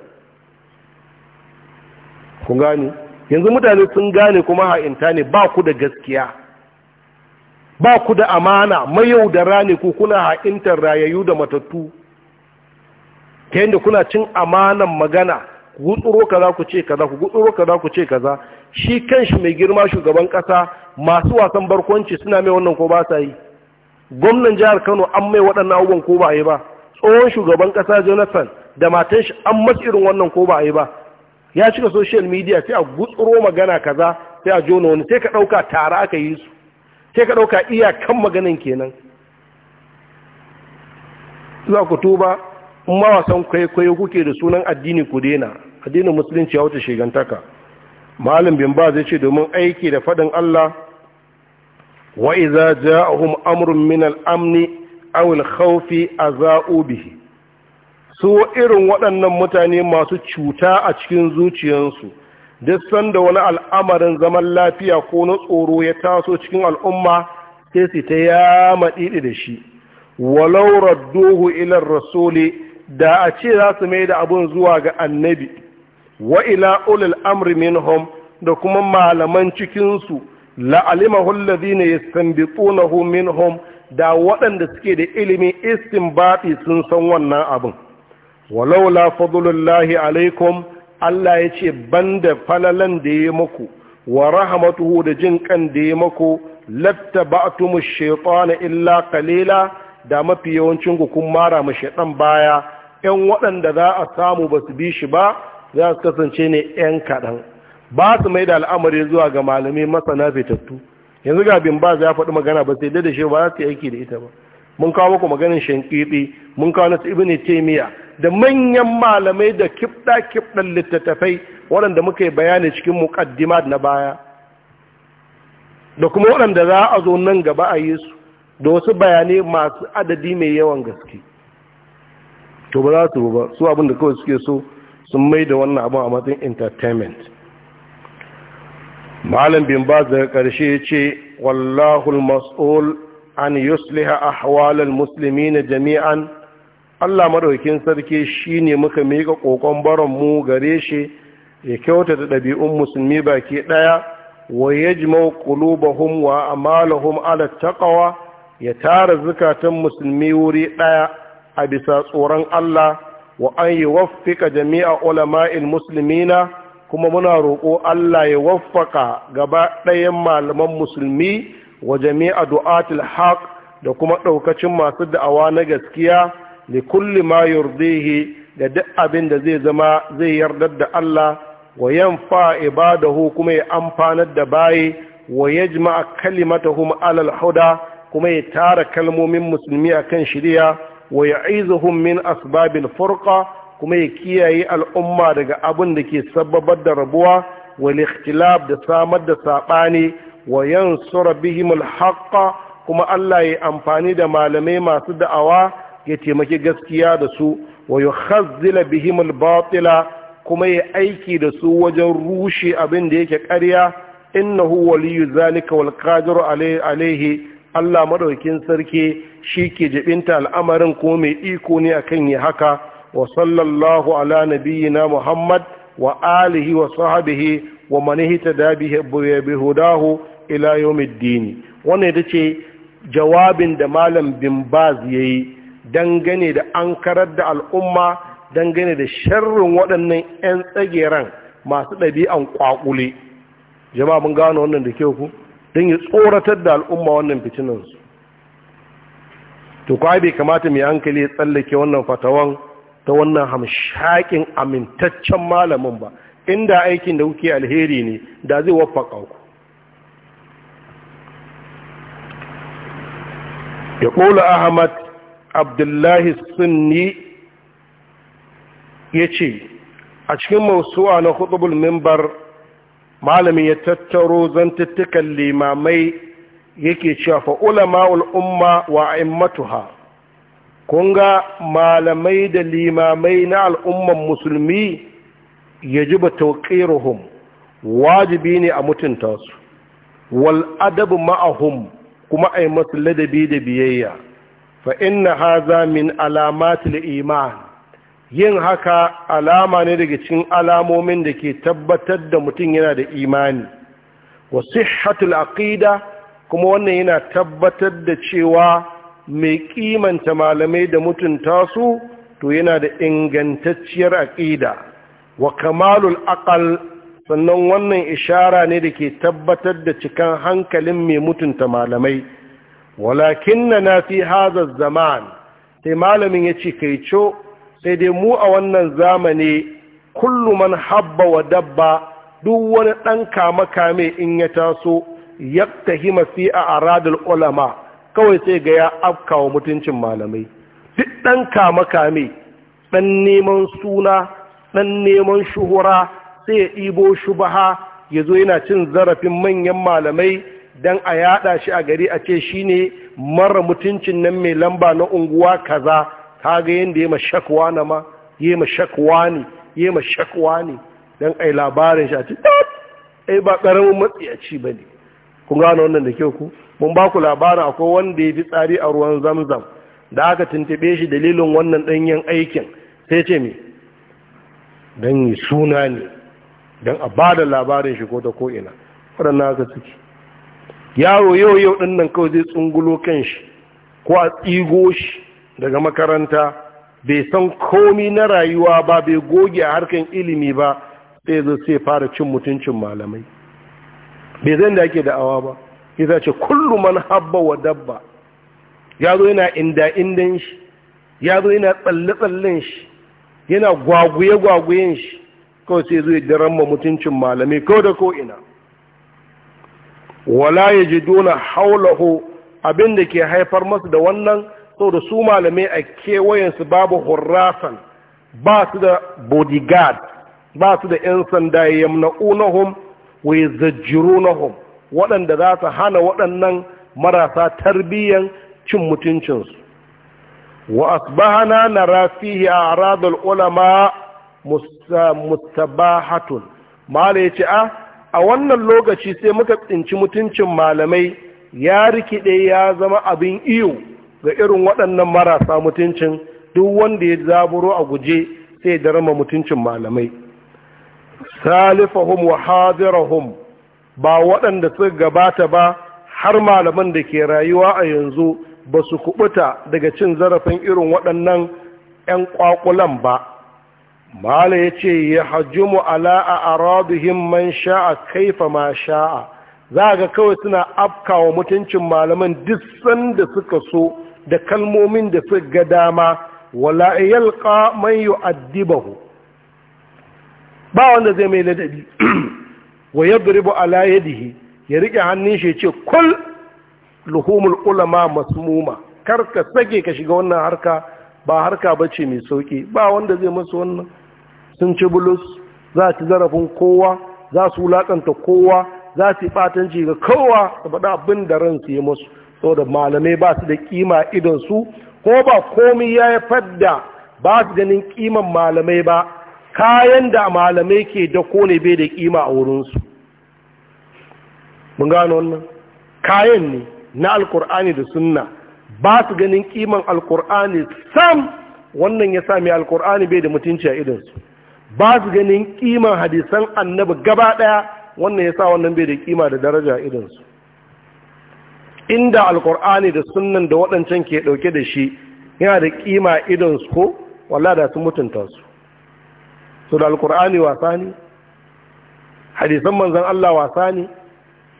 kun gane yanzu mutane sun gane kuma ha'inta ne ba ku da gaskiya ba ku da amana Mai yau da rani ku kuna ha'intar rayayyu da matattu ta yadda kuna cin amanan magana ku gutsuro kaza ku ce kaza ku gutsuro kaza ku ce kaza shi kan shi mai girma shugaban kasa masu wasan barkwanci suna mai wannan ko ba sa yi gwamnan jihar Kano an mai waɗannan abubuwan ko ba yi ba tsohon shugaban kasa Jonathan da matan shi an masu irin wannan ko ba a yi ba ya cika social media sai a gutsuro magana kaza sai a jona wani sai ka ɗauka tare aka yi su sai ka ɗauka iyakan maganan kenan za ku tuba in ma wasan kwaikwayo kuke da sunan addini ku daina addinin musulunci ya wuce shigantaka malam bin ba zai ce domin aiki da faɗin allah wa iza ja'ahum amrun min al-amni aw al-khawfi aza'u bihi su irin waɗannan mutane masu cuta a cikin zuciyansu duk sanda wani al'amarin zaman lafiya ko na tsoro ya taso cikin al'umma sai su ta ya maɗiɗi da shi walau radduhu ilar rasuli da a ce za su mai da abin zuwa ga annabi wa ila ulil amri minhum da kuma malaman cikinsu la'alimahu alladhina yastanbitunahu minhum da waɗanda suke da ilimin istinbati sun san wannan abin walaula fadlullahi alaikum Allah ya ce banda falalan da ya muku wa rahmatuhu da jin kan da ya muku lattaba'tumu shaytana illa qalila da mafi yawancin ku kun mara mu shaytan baya Yan waɗanda za a samu ba su bi shi ba za su kasance ne yan kaɗan ba su mai da al'amari zuwa ga malamai masana fitattu yanzu ga bin ba ya faɗi magana ba sai da shi ba za su yi aiki da ita ba mun kawo muku maganin shankiti mun kawo nasu ibn taymiya da manyan malamai da kifɗa kifɗan littattafai waɗanda muka yi bayani cikin muƙaddima na baya da kuma waɗanda za a zo nan gaba a yi su da wasu bayanai masu adadi mai yawan gaske to ba za su ba su abin da kawai suke so sun mai da wannan abin a matsayin entertainment malam bin ba daga ƙarshe ce wallahul mas'ul an yusliha ahwalal muslimina jami'an Allah madaukin sarki shine muka mika kokon baron mu gare shi ya kyauta da ɗabi'un musulmi baki ɗaya wa yajma'u qulubahum wa amalahum ala taqwa ya tara zukatan musulmi wuri ɗaya a bisa tsoron Allah wa an yuwaffiqa jami'a ulama'il muslimina kuma muna roƙo Allah ya waffaka gaba dayan malaman musulmi wa jami'a du'atul haq da kuma ɗaukacin masu da'awa na gaskiya li kulli ma yurdihi da duk abin da zai zama zai yardar da Allah wa yanfa ibadahu kuma ya amfanar da bayi wa yajma kalimatahum al huda kuma ya tara kalmomin musulmi akan shari'a wa ya'izuhum min asbabil furqa kuma ya kiyaye al'umma daga abin da ke sababar da rabuwa wa ikhtilaf da samar da sabani wa yansura bihim al haqqa kuma Allah ya amfani da malamai masu da'awa ya taimaki gaskiya da su wa yukhazzila bihim al-batila kuma ya aiki da su wajen rushe abin da yake ƙarya innahu waliyyu zalika wal qadiru alayhi Allah madaukin sarki shi ke jibinta al'amarin ko mai iko ne akan yi haka wa sallallahu ala nabiyyina Muhammad wa alihi wa sahbihi wa man ihtada bi hudahu ila yawmiddin wannan ita ce jawabin da malam bin baz yayi dangane da an karar da al'umma dangane da sharrin waɗannan 'yan tsageren masu ɗabi'an ƙwaƙule jama'a mun gano wannan da ke ku don ya tsoratar da al'umma wannan fitinansu to kwa bai kamata mai hankali ya tsallake wannan fatawan ta wannan hamshakin amintaccen malamin ba inda aikin da kuke alheri ne da zai waffaka ku ya ƙola ahmad abdullahi sunni ya ce a cikin mausuwa na hudubul mimbar malamin ya tattaro zantuttukan limamai yake cewa fa ulama al'umma wa a'immatuha kun ga malamai da limamai na al'umman musulmi ya yajiba tauqiruhum wajibi ne a mutunta su wal adabu ma'ahum kuma ai masu ladabi da biyayya fa inna haza min alamatul iman yin haka alama ne daga cikin alamomin da ke tabbatar da mutum yana da imani wa sihhatul aqida kuma wannan yana tabbatar da cewa mai kimanta malamai da mutunta su to yana da ingantacciyar aqida wa kamalul aqal sannan wannan ishara ne da ke tabbatar da cikan hankalin mai mutunta malamai walakin na fi haza zaman sai malamin ya ce kai co sai dai mu a wannan zamani kullu man habba wa dabba duk wani ɗan kame in ya taso yakta fi a aradul ulama kawai sai ga ya afkawa mutuncin malamai duk ɗan kame ɗan neman suna ɗan neman shuhura sai ya ɗibo shubaha ya zo yana cin zarafin manyan malamai dan a yada shi a gari a ce shi ne mara mutuncin nan mai lamba na unguwa kaza kaga yadda ya mashakwa na ma ya mashakwa ne ya mashakwa ne don a yi labarin shi a ce ai ba ƙaramin ci ba ne kun gano wannan da kyau ku mun ba ku labarin akwai wanda ya fi tsari a ruwan zamzam da aka tuntube shi dalilin wannan ɗanyen aikin sai ce me don yi suna ne don a ba da labarin shi ko ta ko'ina waɗannan aka ciki yaro yau yau ɗin nan kawai zai tsungulo kan shi ko a tsigo shi daga makaranta bai san komi na rayuwa ba bai goge a harkan ilimi ba sai zo sai fara cin mutuncin malamai bai zan da ake da'awa ba ya ce kullum man habba wa dabba ya zo yana inda indan shi ya zo yana tsalle-tsallen shi yana gwaguye-gwaguyen shi kawai sai zo ya ma mutuncin malamai kawai da ko'ina wala yajiduna haulahu abin da ke haifar masu da wannan sau da su malamai a kewayensu babu hurrasan ba su da bodyguard ba su da 'yan sanda ya yamna'unahum na yazjurunahum waɗanda za su hana waɗannan marasa tarbiyyan cin mutuncinsu wa asbahana na rafihi a a'radul ulama mustabahatun ya ce a ah, a wannan lokaci sai muka tsinci mutuncin malamai ya rikide ya zama abin iyo ga irin waɗannan marasa mutuncin duk wanda ya zaburo a guje sai darama mutuncin malamai salifahum wa hadirahum ba waɗanda suka gabata ba har malaman da ke rayuwa a yanzu ba su kubuta daga cin zarafin irin waɗannan 'yan ƙwaƙulan ba mala ya ce ya hajjumu ala'a a araduhim man sha'a kaifa ma sha'a za ga kawai suna afkawa mutuncin malaman duk sanda suka so da kalmomin da suka ga dama wala yalqa man yu'addibahu ba wanda zai mai ladabi wa yadribu ala yadihi ya rike hannun shi ce kul luhumul ulama masmuma kar ka sake ka shiga wannan harka ba harka bace mai sauki ba wanda zai masa wannan sun ci bulus za su zarafin kowa za su wulaƙanta kowa za su yi ɓatanci ga kowa da faɗa abin da ransu ya musu saboda malamai ba su da kima idan su ko ba komi ya yi fadda ba su ganin kiman malamai ba kayan da malamai ke da ne bai da kima a wurinsu mun gano wannan kayan ne na alkur'ani da sunna ba su ganin kiman alkur'ani sam wannan ya sami alkur'ani bai da mutunci a idansu ba su ganin kiman hadisan annabi gaba ɗaya wannan ya sa wannan bai da kima da daraja irinsu inda alkur'ani da sunan da waɗancan ke ɗauke da shi yana da kima irinsu ko walla da su mutunta su su da alkur'ani wasa ne hadisan manzan Allah wasa ne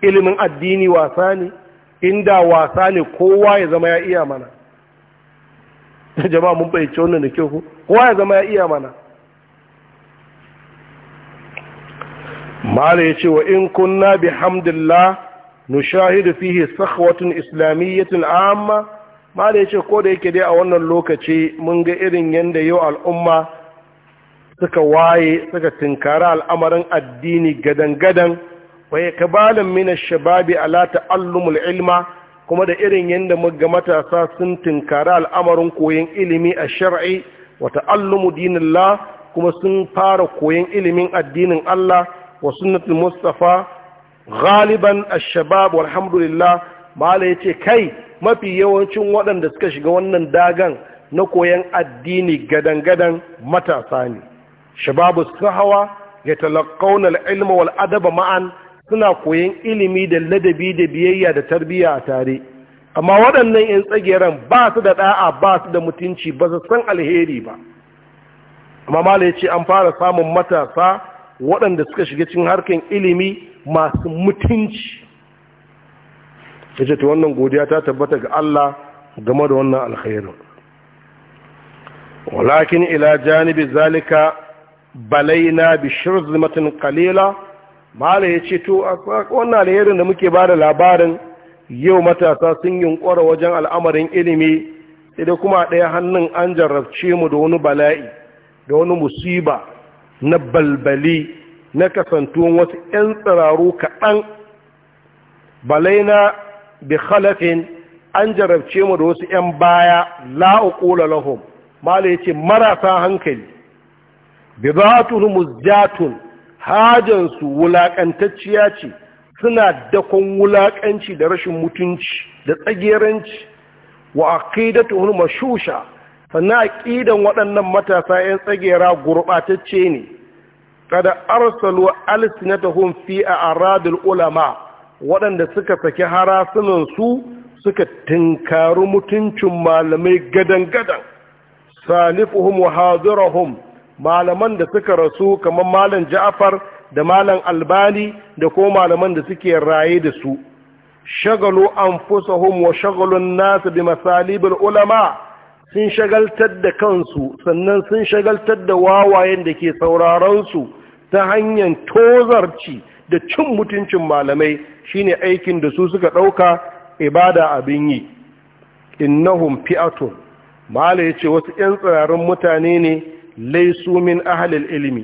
ilimin addini wasa ne inda wasa ne kowa ya zama ya iya mana jama'a mun ce wannan da kyau kowa ya zama ya iya mana mala ya ce wa in kunna bi hamdillah nushahidu fihi sakhwatun islamiyyatin amma mala ya ce ko da yake dai a wannan lokaci mun ga irin yadda yau al'umma suka waye suka tinkara al'amarin addini gadan-gadan wa ya kabalin mina shababi ala ta'allumul ilma kuma da irin yadda muga matasa sun tinkara al'amarin koyon ilimi a shar'i wa ta'allumu dinin kuma sun fara koyon ilimin addinin Allah wa sunnatul mustafa galiban alhamdulillah walhamdulillah mala yace kai mafi yawancin waɗanda suka shiga wannan dagan na koyan addini gadan-gadan matasa ne shababu sahawa ya talakkauna al'ilma wal adaba ma'an suna koyan ilimi da ladabi da biyayya da tarbiyya a tare amma waɗannan 'yan tsageren ba su da ɗa'a ba su da mutunci ba su san alheri ba amma mala yace an fara samun matasa waɗanda suka shiga cikin harkar ilimi masu mutunci yace ta wannan godiya ta tabbata ga Allah game da wannan alkhairu walakin ila janibi zalika balaina bi shirzmatin qalila ya ce to wannan alherin da muke ba da labarin yau matasa sun yunkura wajen al'amarin ilimi sai kuma ɗaya hannun an jarrabce mu da wani bala'i da wani musiba na balbali na kasantuwan wasu 'yan tsiraru kaɗan balaina bi khalafin an jarabce mu da wasu 'yan baya la'uƙula lahum mala ya ce marasa hankali bi zatun hajansu wulaƙantacciya ce suna dakon wulaƙanci da rashin mutunci da tsageranci wa aqidatuhum mashusha sannan aƙidan waɗannan matasa 'yan tsagera gurɓatacce ne kada arsalu alsinatahum fi aradul ulama waɗanda suka saki harasunan su suka tinkari mutuncin malamai gadan-gadan salifuhum wa hazirahum malaman da suka rasu kamar malam ja'far da malam albani da ko malaman da suke raye da su shagalu an anfusahum wa shagalun nasu bi masalibin ulama sun shagaltar da kansu sannan sun shagaltar da wawayen da ke sauraronsu ta hanyar tozarci da cin mutuncin malamai shine aikin da su suka ɗauka ibada abin yi innahum fi'atun mala yace wasu 'yan tsirarin mutane ne laisu min ahalil ilimi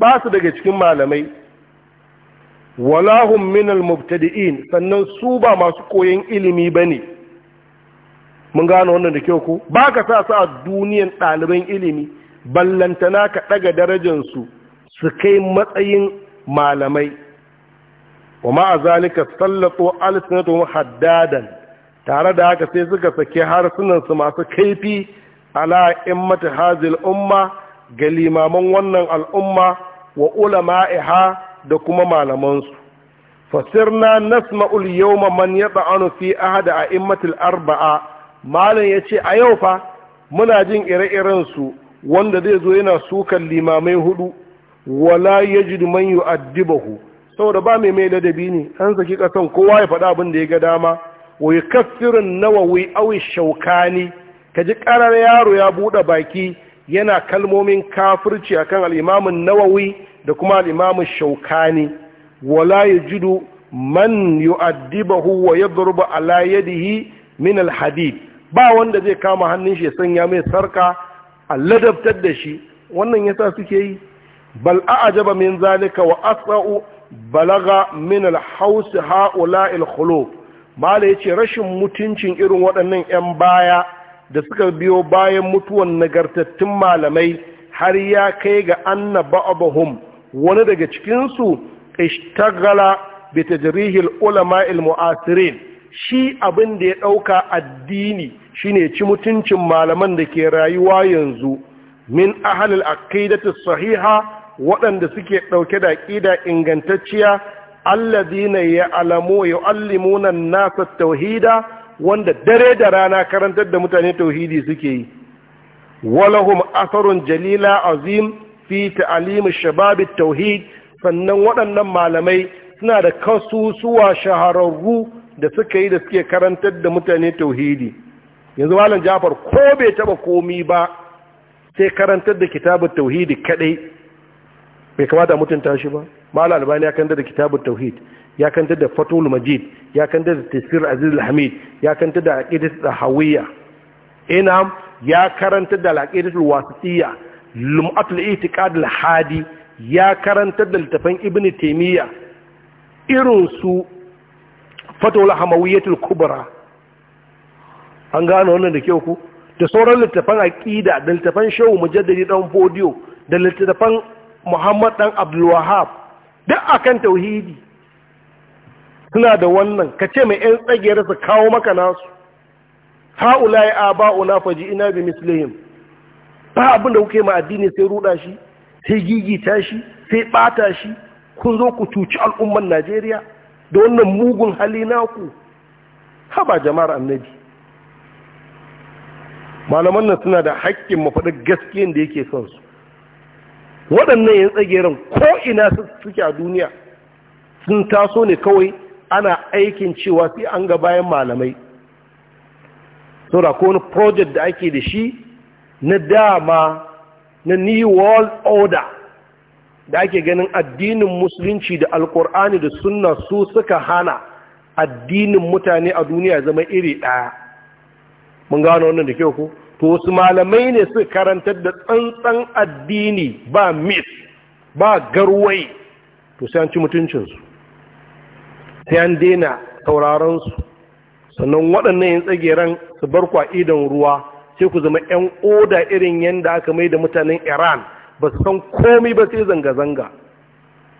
ba su daga cikin malamai walahum min al sannan su ba masu koyon ilimi bane mun gano wannan da kyau ko ba ka sa su a duniyan ɗaliban ilimi ballantana ka ɗaga darajansu su kai matsayin malamai wa ma'a zalika sallato alisinatu haddadan tare da haka sai suka saki harsunansu masu kaifi ala mata hazil umma ga limaman wannan al'umma wa ulama'iha da kuma malamansu fasirna nasma'ul yawma man yata'anu fi ahada a'immatil arba'a malam ya ce a yau fa muna jin ire-iren su wanda zai zo yana sukan limamai hudu wala ya yajid man addibahu saboda ba mai mai ladabi ne an saki kasan kowa ya faɗa abin da ya ga dama wai wa nawa wai awi shaukani kaji karar yaro ya buɗe baki yana kalmomin kafirci akan al'imamin nawawi da kuma al'imamin shaukani wala ya yajidu man yu'addibahu wa yadrubu ala yadihi min al ba wanda zai kama hannun shi ya sanya mai sarka a ladabtar da shi wannan ya sa suke yi bal a'jaba min zalika wa asra'u balaga min alhausu ha'ula al mala yace rashin mutuncin irin waɗannan 'yan baya da suka biyo bayan mutuwan nagartattun malamai har ya kai ga anna ba'dhum wani daga cikinsu ishtagala bi tajrihil ulama al-mu'asirin shi abin da ya ɗauka addini shine ci mutuncin malaman da ke rayuwa yanzu min ahalil aqidati sahiha waɗanda suke ɗauke da aqida ingantacciya alladhina ya'lamu yu'allimuna an-nasa tauhida wanda dare da rana karantar da mutane tauhidi suke yi walahum atharun jalila azim fi ta'lim shabab at-tauhid sannan waɗannan malamai suna da kasusuwa shahararru da suka yi da suke karantar da mutane tauhidi yanzu malam jafar ko bai taba komi ba sai karantar da kitabun tauhidi kadai bai kamata mutunta shi ba malam albani ya kanta da kitabun tauhid ya kanta da fatul majid ya kanta da tafsir aziz alhamid ya kanta da aqidat hawiyya ina ya karanta da aqidat al-wasitiyya lum'atul itiqad al-hadi ya karantar da littafin ibnu taymiya irin su fatul hamawiyatul kubra an gano wannan da kyau ku da sauran littafan aƙida da littafan shehu mujaddadi dan fodiyo da littafan muhammad dan abdulwahab duk akan tauhidi suna da wannan ka ce mai yan tsagiyar su kawo maka nasu ha'ulai aba'una ina bi mislihim ba abin da kuke ma addini sai ruɗa shi sai gigita shi sai ɓata shi kun zo ku cuci al'umman Najeriya da wannan mugun hali naku haba jama'ar annabi malaman nan suna da haƙƙin mu faɗi gaskiyan da yake son su waɗannan yan tsageren ko ina suke a duniya sun taso ne kawai ana aikin cewa sai an ga bayan malamai saboda ko wani project da ake da shi na dama na new world order da ake ganin addinin musulunci da alkur'ani da sunna su suka hana addinin mutane a duniya zama iri ɗaya mun gano wannan da kyau ku to wasu malamai ne su karantar da tsantsan addini ba mis ba garwai to sai an ci mutuncinsu sai an daina su. sannan waɗannan yin tsageren su bar kwa idan ruwa sai ku zama 'yan oda irin yadda aka mai da mutanen iran ba su san komi ba sai zanga-zanga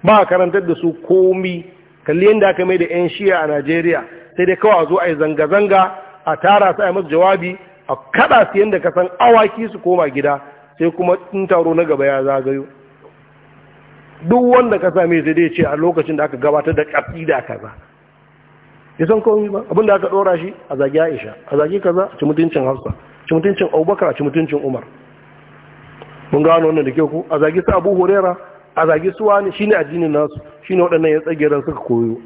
ba karantar da su komi kalli yadda aka mai da 'yan shiya a najeriya sai dai kawai zo a yi zanga-zanga a tara su a masu jawabi a kada su yadda ka san awaki su koma gida sai kuma in taro na gaba ya zagayo duk wanda ka same sai dai ce a lokacin da aka gabatar da kasida kaza ya san komai ba abinda aka dora shi a zagi Aisha a zagi kaza a ci mutuncin Hafsa ci mutuncin Abubakar a ci mutuncin Umar mun gano wannan da ke ku a zagi su Abu Huraira a zagi su wani shine addinin nasu shine waɗannan ya tsagiran suka koyo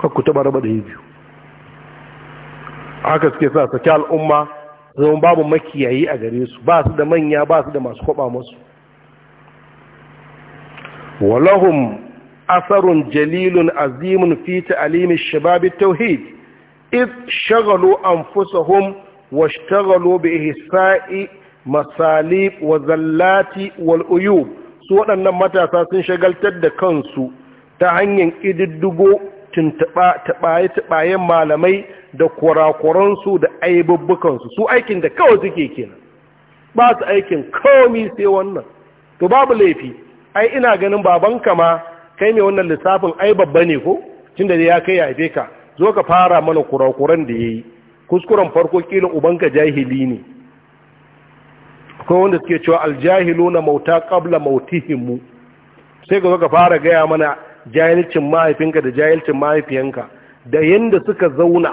kakku ku baraba da biyu haka suke sa saki al'umma zama babu makiyayi a gare su ba su da manya ba su da masu kwaba masu walahum asarun jalilun azimun Fita ta'alimin shababi tauhid iz shagalu anfusahum washtagalu bi ihsa'i masalib wa zallati wal uyub su waɗannan matasa sun shagaltar da kansu ta hanyar ƙididdigo tuntuɓaye-tuɓayen malamai da kurakuransu da aibubbukansu su aikin da kawai suke kenan ba su aikin komi sai wannan to babu laifi ai ina ganin babanka ma kai mai wannan lissafin ai babba ne ko tun da ya kai haife ka zo ka fara mana kurakuran da ya yi kuskuren farko kila ubanka jahili ne akwai wanda suke cewa aljahilu na mauta kabla mautihimu sai ka zo ka fara gaya mana jahilcin mahaifinka da jahilcin mahaifiyanka da yanda suka zauna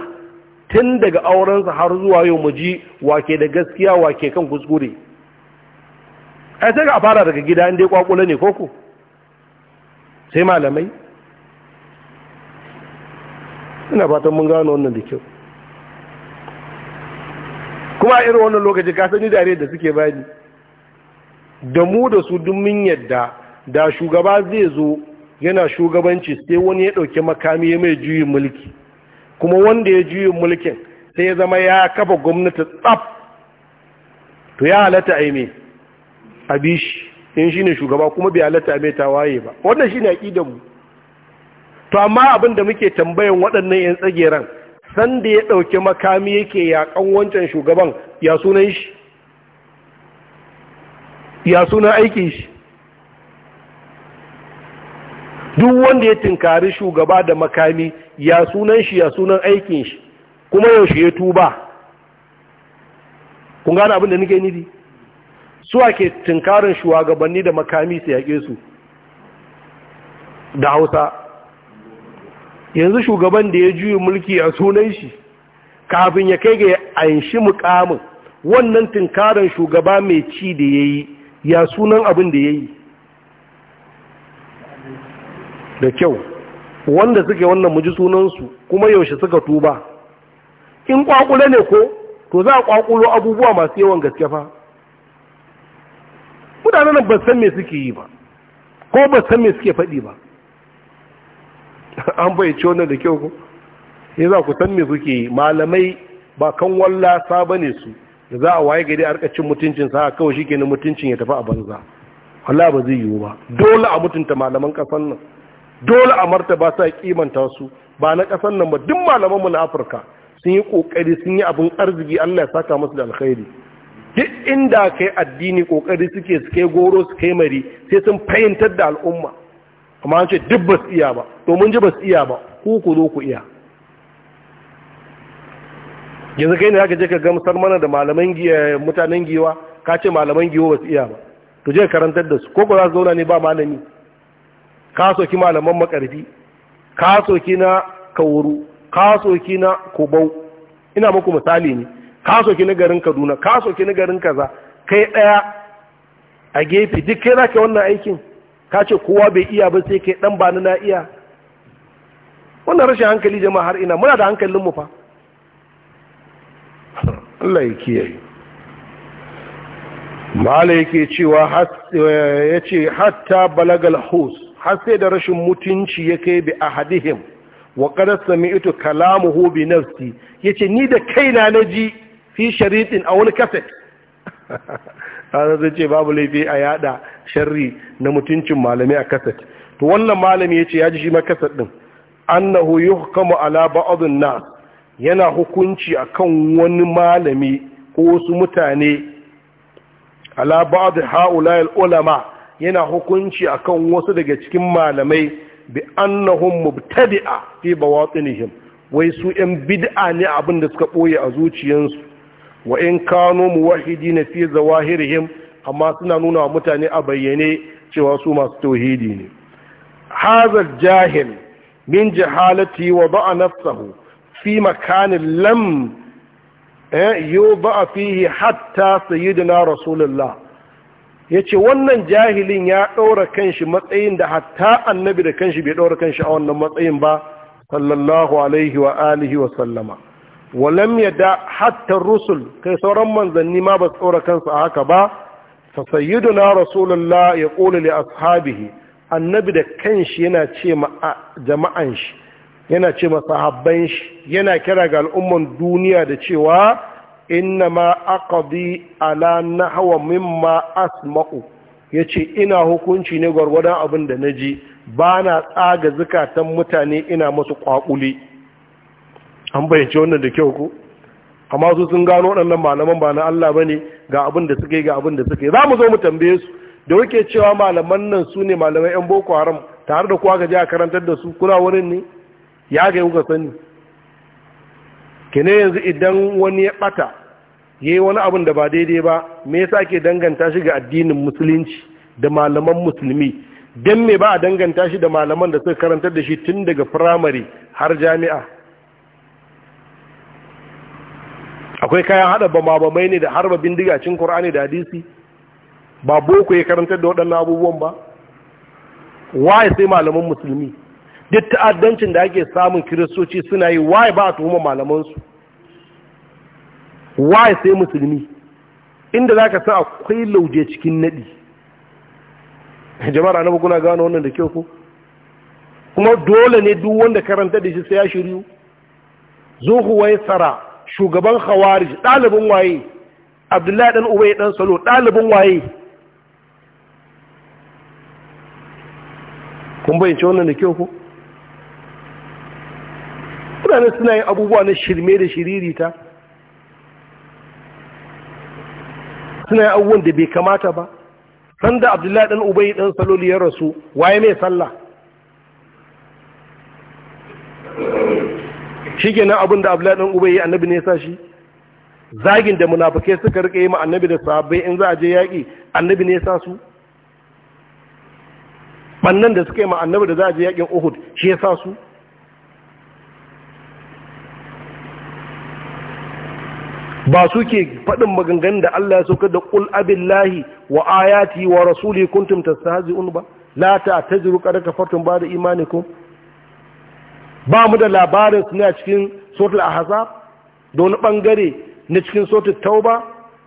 tun daga aurensa har zuwa yau mu ji wake da gaskiya wake kan kuskure ai sai ka fara daga gida inda ya kwakula ne koko sai malamai ina fatan mun gano wannan da kyau kuma a irin wannan lokacin ka sani dare da suke bani da mu da su duk mun yadda da shugaba zai zo yana shugabanci sai wani ya ɗauki makami mai juyin mulki kuma wanda ya juyin mulkin sai ya zama ya kafa gwamnati tsaf to ya halatta a mai abi shi in shi ne shugaba kuma bai halatta a mai ta waye ba wannan shi ne mu to amma abin da muke tambayan waɗannan 'yan tsageren sanda ya ɗauki makami yake yaƙan wancan shugaban ya sunan shi ya sunan aikin shi duk wanda ya tinkari shugaba da makami ya sunan shi ya sunan aikin shi kuma yaushe ya tuba kun gane abin da nake nidi su ake tinkarin shugabanni da makami su yaƙe su da hausa yanzu shugaban da ya juyi mulki a sunan shi kafin ya kai ga anshi mukamin wannan tinkarin shugaba mai ci da ya yi ya sunan abin da ya yi da kyau wanda suke wannan muji sunansu kuma yaushe suka tuba in kwakula ne ko to za a kwakulo abubuwa masu yawan gaske fa mutanen ba san me suke yi ba ko ba san me suke faɗi ba an bai ci wannan da kyau ko ya za ku san me suke yi malamai ba kan walla saba ne su da za a waye gari a cin mutuncin sa kawai shi kenan mutuncin ya tafi a banza Allah ba zai yiwu ba dole a mutunta malaman kasan nan dole a martaba sa kimanta su ba na kasan nan ba duk malamanmu na afirka sun yi ƙoƙari sun yi abin arziki allah ya saka musu da alkhairi duk inda kai addini ƙoƙari suke suke goro suke mari sai sun fahimtar da al'umma amma an ce duk ba su iya ba domin ji ba su iya ba ku ku zo ku iya yanzu kai ne ka je ka gamsar mana da malaman mutanen giwa ka ce malaman giwa ba su iya ba to je karantar da su ko ba za su zauna ne ba malami ka soki malaman makarfi ka soki na kawuru, ka soki na kubau ina muku misali ne ka soki na garin kaduna ka soki na garin kaza kai ɗaya a gefe duk kai zaka wannan aikin ka ce kowa bai iya ba sai kai ɗan bani na iya wannan rashin hankali jama'a har ina muna da hankalin mu fa Allah ya kiyaye mala yake cewa hatta eh, balagal hus har sai da rashin mutunci ya kai bi ahadihim wa qad sami'tu kalamuhu bi nafsi yace ni da kaina na ji fi sharitin a wani kaset ana zai ce babu laifi a yada sharri na mutuncin malami a kaset to wannan malami yace ya ji shi ma ɗin din annahu yuhkamu ala ba'd na yana hukunci akan wani malami ko wasu mutane ala ba'd ha'ula'il ulama yana hukunci akan wasu daga cikin malamai bi annahum mubtadi'a fi bawatinihim wai su yan bid'a ne abin da suka boye a zuciyansu wa in kanu muwahhidina fi zawahirihim amma suna nuna wa mutane a bayyane cewa su masu tauhidi ne hazal jahil min jahalati wa ba'a nafsahu fi makanin lam eh, yuba'a fihi hatta sayyidina rasulullah ya ce wannan jahilin ya ɗaura kanshi matsayin da hatta annabi da kanshi bai ɗaura kanshi a wannan matsayin ba sallallahu alaihi wa alihi wa sallama walam ya da hatta rusul kai sauran manzanni ma ba su ɗaura kansu a haka ba fa sayyiduna rasulullah ya ƙoli li ashabihi annabi da kanshi yana ce ma jama'an shi yana ce ma sahabban shi yana kira ga al'umman duniya da cewa innama aqdi ala nahwa mimma asma'u yace ina hukunci ne gwargwadon abin da naji bana tsaga zakatan mutane ina musu kwakuli an bayyace wannan da kyau ko amma su sun gano waɗannan malaman ba na Allah bane ga abin da suke ga abin da suke za mu zo mu tambaye su da wuke cewa malaman nan su ne malamai yan boko haram tare da kuwa gaji a karantar da su kuna wurin ne ya ga kuka sani kene yanzu idan wani ya bata yi wani abun da ba daidai ba me yasa ake danganta shi ga addinin musulunci da malaman musulmi don me ba a danganta shi da malaman da suka karanta da shi tun daga firamare har jami'a akwai kayan hada bama ne da harba bindiga cin Kur'ani da hadisi ba boko ya karanta da waɗannan abubuwan ba waye sai malaman musulmi duk ta'addancin da ake samun kiristoci suna yi waye ba a tuhuma malamansu waye sai musulmi inda za ka sa akwai lauje cikin nadi. jama'ar na kuna gano wannan da kyau ko kuma dole ne duk wanda karanta da shi sai ya shiryu zuhu waye tsara shugaban khawarij ɗalibin waye abdullahi ɗan ubai ɗan salo ɗalibin waye kun bayyance wannan da kyau ko ne suna yin abubuwa na shirme da shiririta suna abubuwan da bai kamata ba sanda abdullahi dan ubai dan saloli ya rasu waye mai sallah shikenan abin da abdullahi dan ubai annabi ne sa shi zagin da munafikai suka rike ma annabi da sahabbai in za a je yaki annabi ne sa su bannan da suka yi ma annabi da za a je yakin Uhud shi ya sa su ba suke faɗin maganganu da Allah ya sauka da qul abillahi wa ayati wa rasuli kuntum tastahzi'un ba la ta qad kafartum ba'da imanikum ba mu da labarin su ne a cikin suratul ahzab da wani bangare na cikin suratul tauba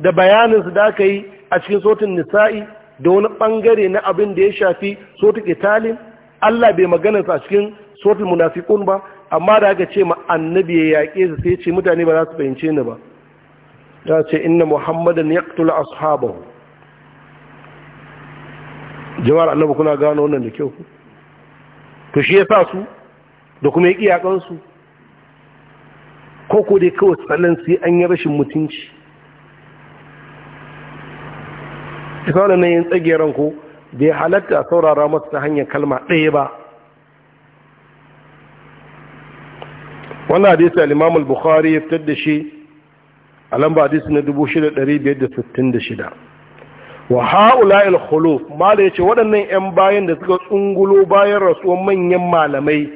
da bayanin su da aka yi a cikin suratul nisa'i da wani bangare na abin da ya shafi suratul qitalin Allah bai magana a cikin suratul munafiqun ba amma da aka ce ma annabi ya yaƙe su sai ce mutane ba za su fahimce ni ba ta ce inna muhammadan ya ƙtula ashabahu jama'ar annabu kuna gano wannan da kyau to shi ya sa su da kuma ya ƙiyakansu ko ko dai kawai tsallan sai an yi rashin mutunci ita wannan yin tsageren ko bai halatta saurara masu ta hanyar kalma ɗaya ba wannan hadisa limamul bukhari ya fitar da shi a lamba hadisi na 6566 wa ha'ula al-khuluf mala yace waɗannan 'yan bayan da suka tsungulo bayan rasuwar manyan malamai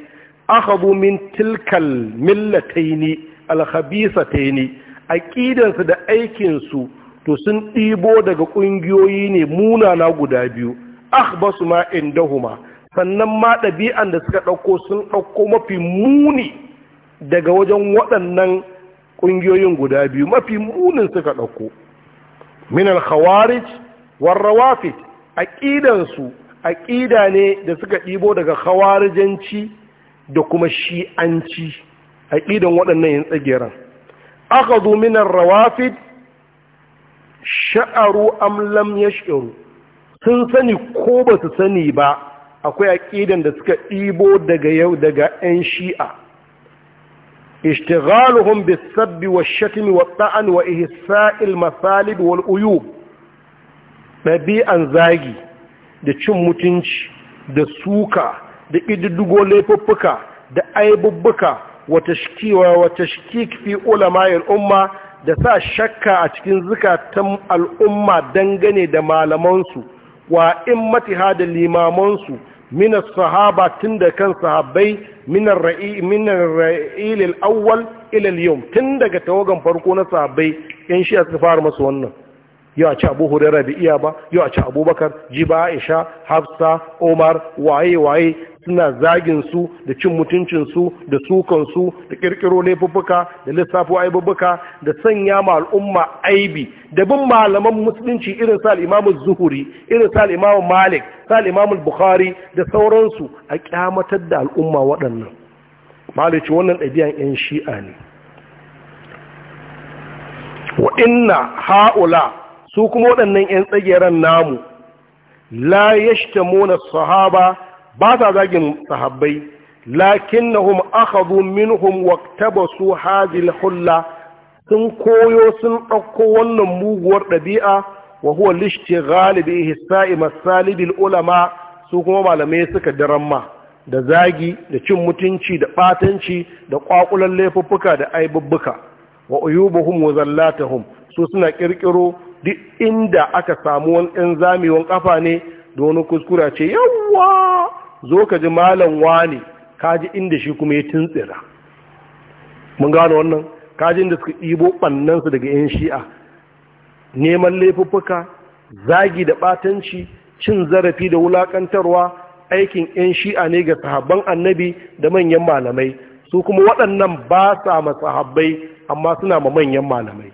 akhadhu min tilkal millataini al-khabisataini ƙidansu da aikin su to sun ɗibo daga ƙungiyoyi ne munana guda biyu akhbasu ma indahuma sannan ma ɗabi'an da suka ɗauko sun ɗauko mafi muni daga wajen waɗannan ƙungiyoyin guda biyu mafi munin suka ɗauko min al-khawarij war rawafid aqidan su aqida ne da suka ɗibo daga khawarijanci da kuma shi'anci aqidan waɗannan yin tsageran akhadhu min ar-rawafid sha'aru am lam shiru. sun sani ko ba su sani ba akwai aqidan da suka ɗibo daga yau daga 'yan shi'a اشتغالهم بالسب والشتم والطعن وإهساء المثالب والأيوب ɗabi'an zagi da cin mutunci da suka da ƙididdigo laifuffuka da aibubbuka wata shikiwa wata shikik fi ulamayar umma da sa shakka a cikin zukatan al'umma dangane da malamansu wa in matiha da limamansu من الصحابة تند كان صحابي من الرئي من الرئيل الأول إلى اليوم تند كتوغن فرقون صحابي إن شاء سفار مسوانا yau a ci abu hurera bai iya ba yau a ci abubakar jiba aisha hafsa omar waye waye suna zagin su da cin mutuncin su da sukan su da kirkiro laifuffuka da lissafo aibubuka da sanya ma al'umma aibi da bin malaman musulunci irin sa al zuhuri irin sa al malik sa al bukhari da sauransu a kyamatar da al'umma waɗannan malici wannan ɗabi'an yan shi'a ne wa inna ha'ula su kuma waɗannan 'yan tsageren namu la Mona sahaba ba ta zagin sahabbai lakin lakinnahum akhadhu minhum waktaba su hajji hulla sun koyo sun ɗauko wannan muguwar ɗabi'a wa huwa galibi bi ihsa'i masalibin ulama su kuma malamai suka daramma da zagi da cin mutunci da ɓatanci da ƙwaƙulan laifuffuka da aibubbuka wa uyubuhum wa hum su suna ƙirƙiro. duk inda aka samu wani ɗan zamewan kafa ne da wani kuskura ce yawwa zo ka ji malam wani kaji inda shi kuma ya tuntsira mun gano wannan ka ji inda suka ɗibo ɓannansu daga 'yan shi'a neman laifuffuka zagi da ɓatanci cin zarafi da wulaƙantarwa aikin 'yan shi'a ne ga sahabban annabi da manyan malamai su kuma waɗannan ba sa ma sahabbai amma suna ma manyan malamai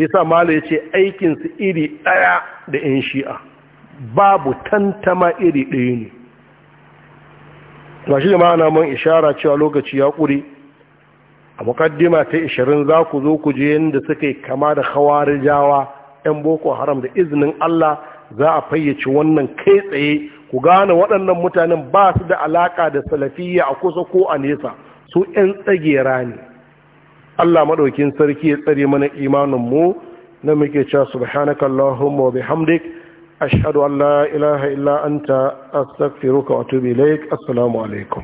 yasa malu yace aikin su iri ɗaya da yan shi'a babu tantama iri ɗaya ne mashi da ma'ana man ishara cewa lokaci ya ƙure a muƙaddima ta 20 za ku zo ku je yadda suka yi kama da jawa 'yan boko haram da izinin Allah za a fayyace wannan kai tsaye ku gane waɗannan mutanen ba su da alaƙa da salafiyya a kusa ko a nesa su 'yan tsagera ne Allah maɗaukin sarki ya tsare mana imanin mu na muke cewa subhanaka allahumma wa bihamdik ashhadu an la ilaha illa anta astaghfiruka wa atubu ilaik assalamu alaikum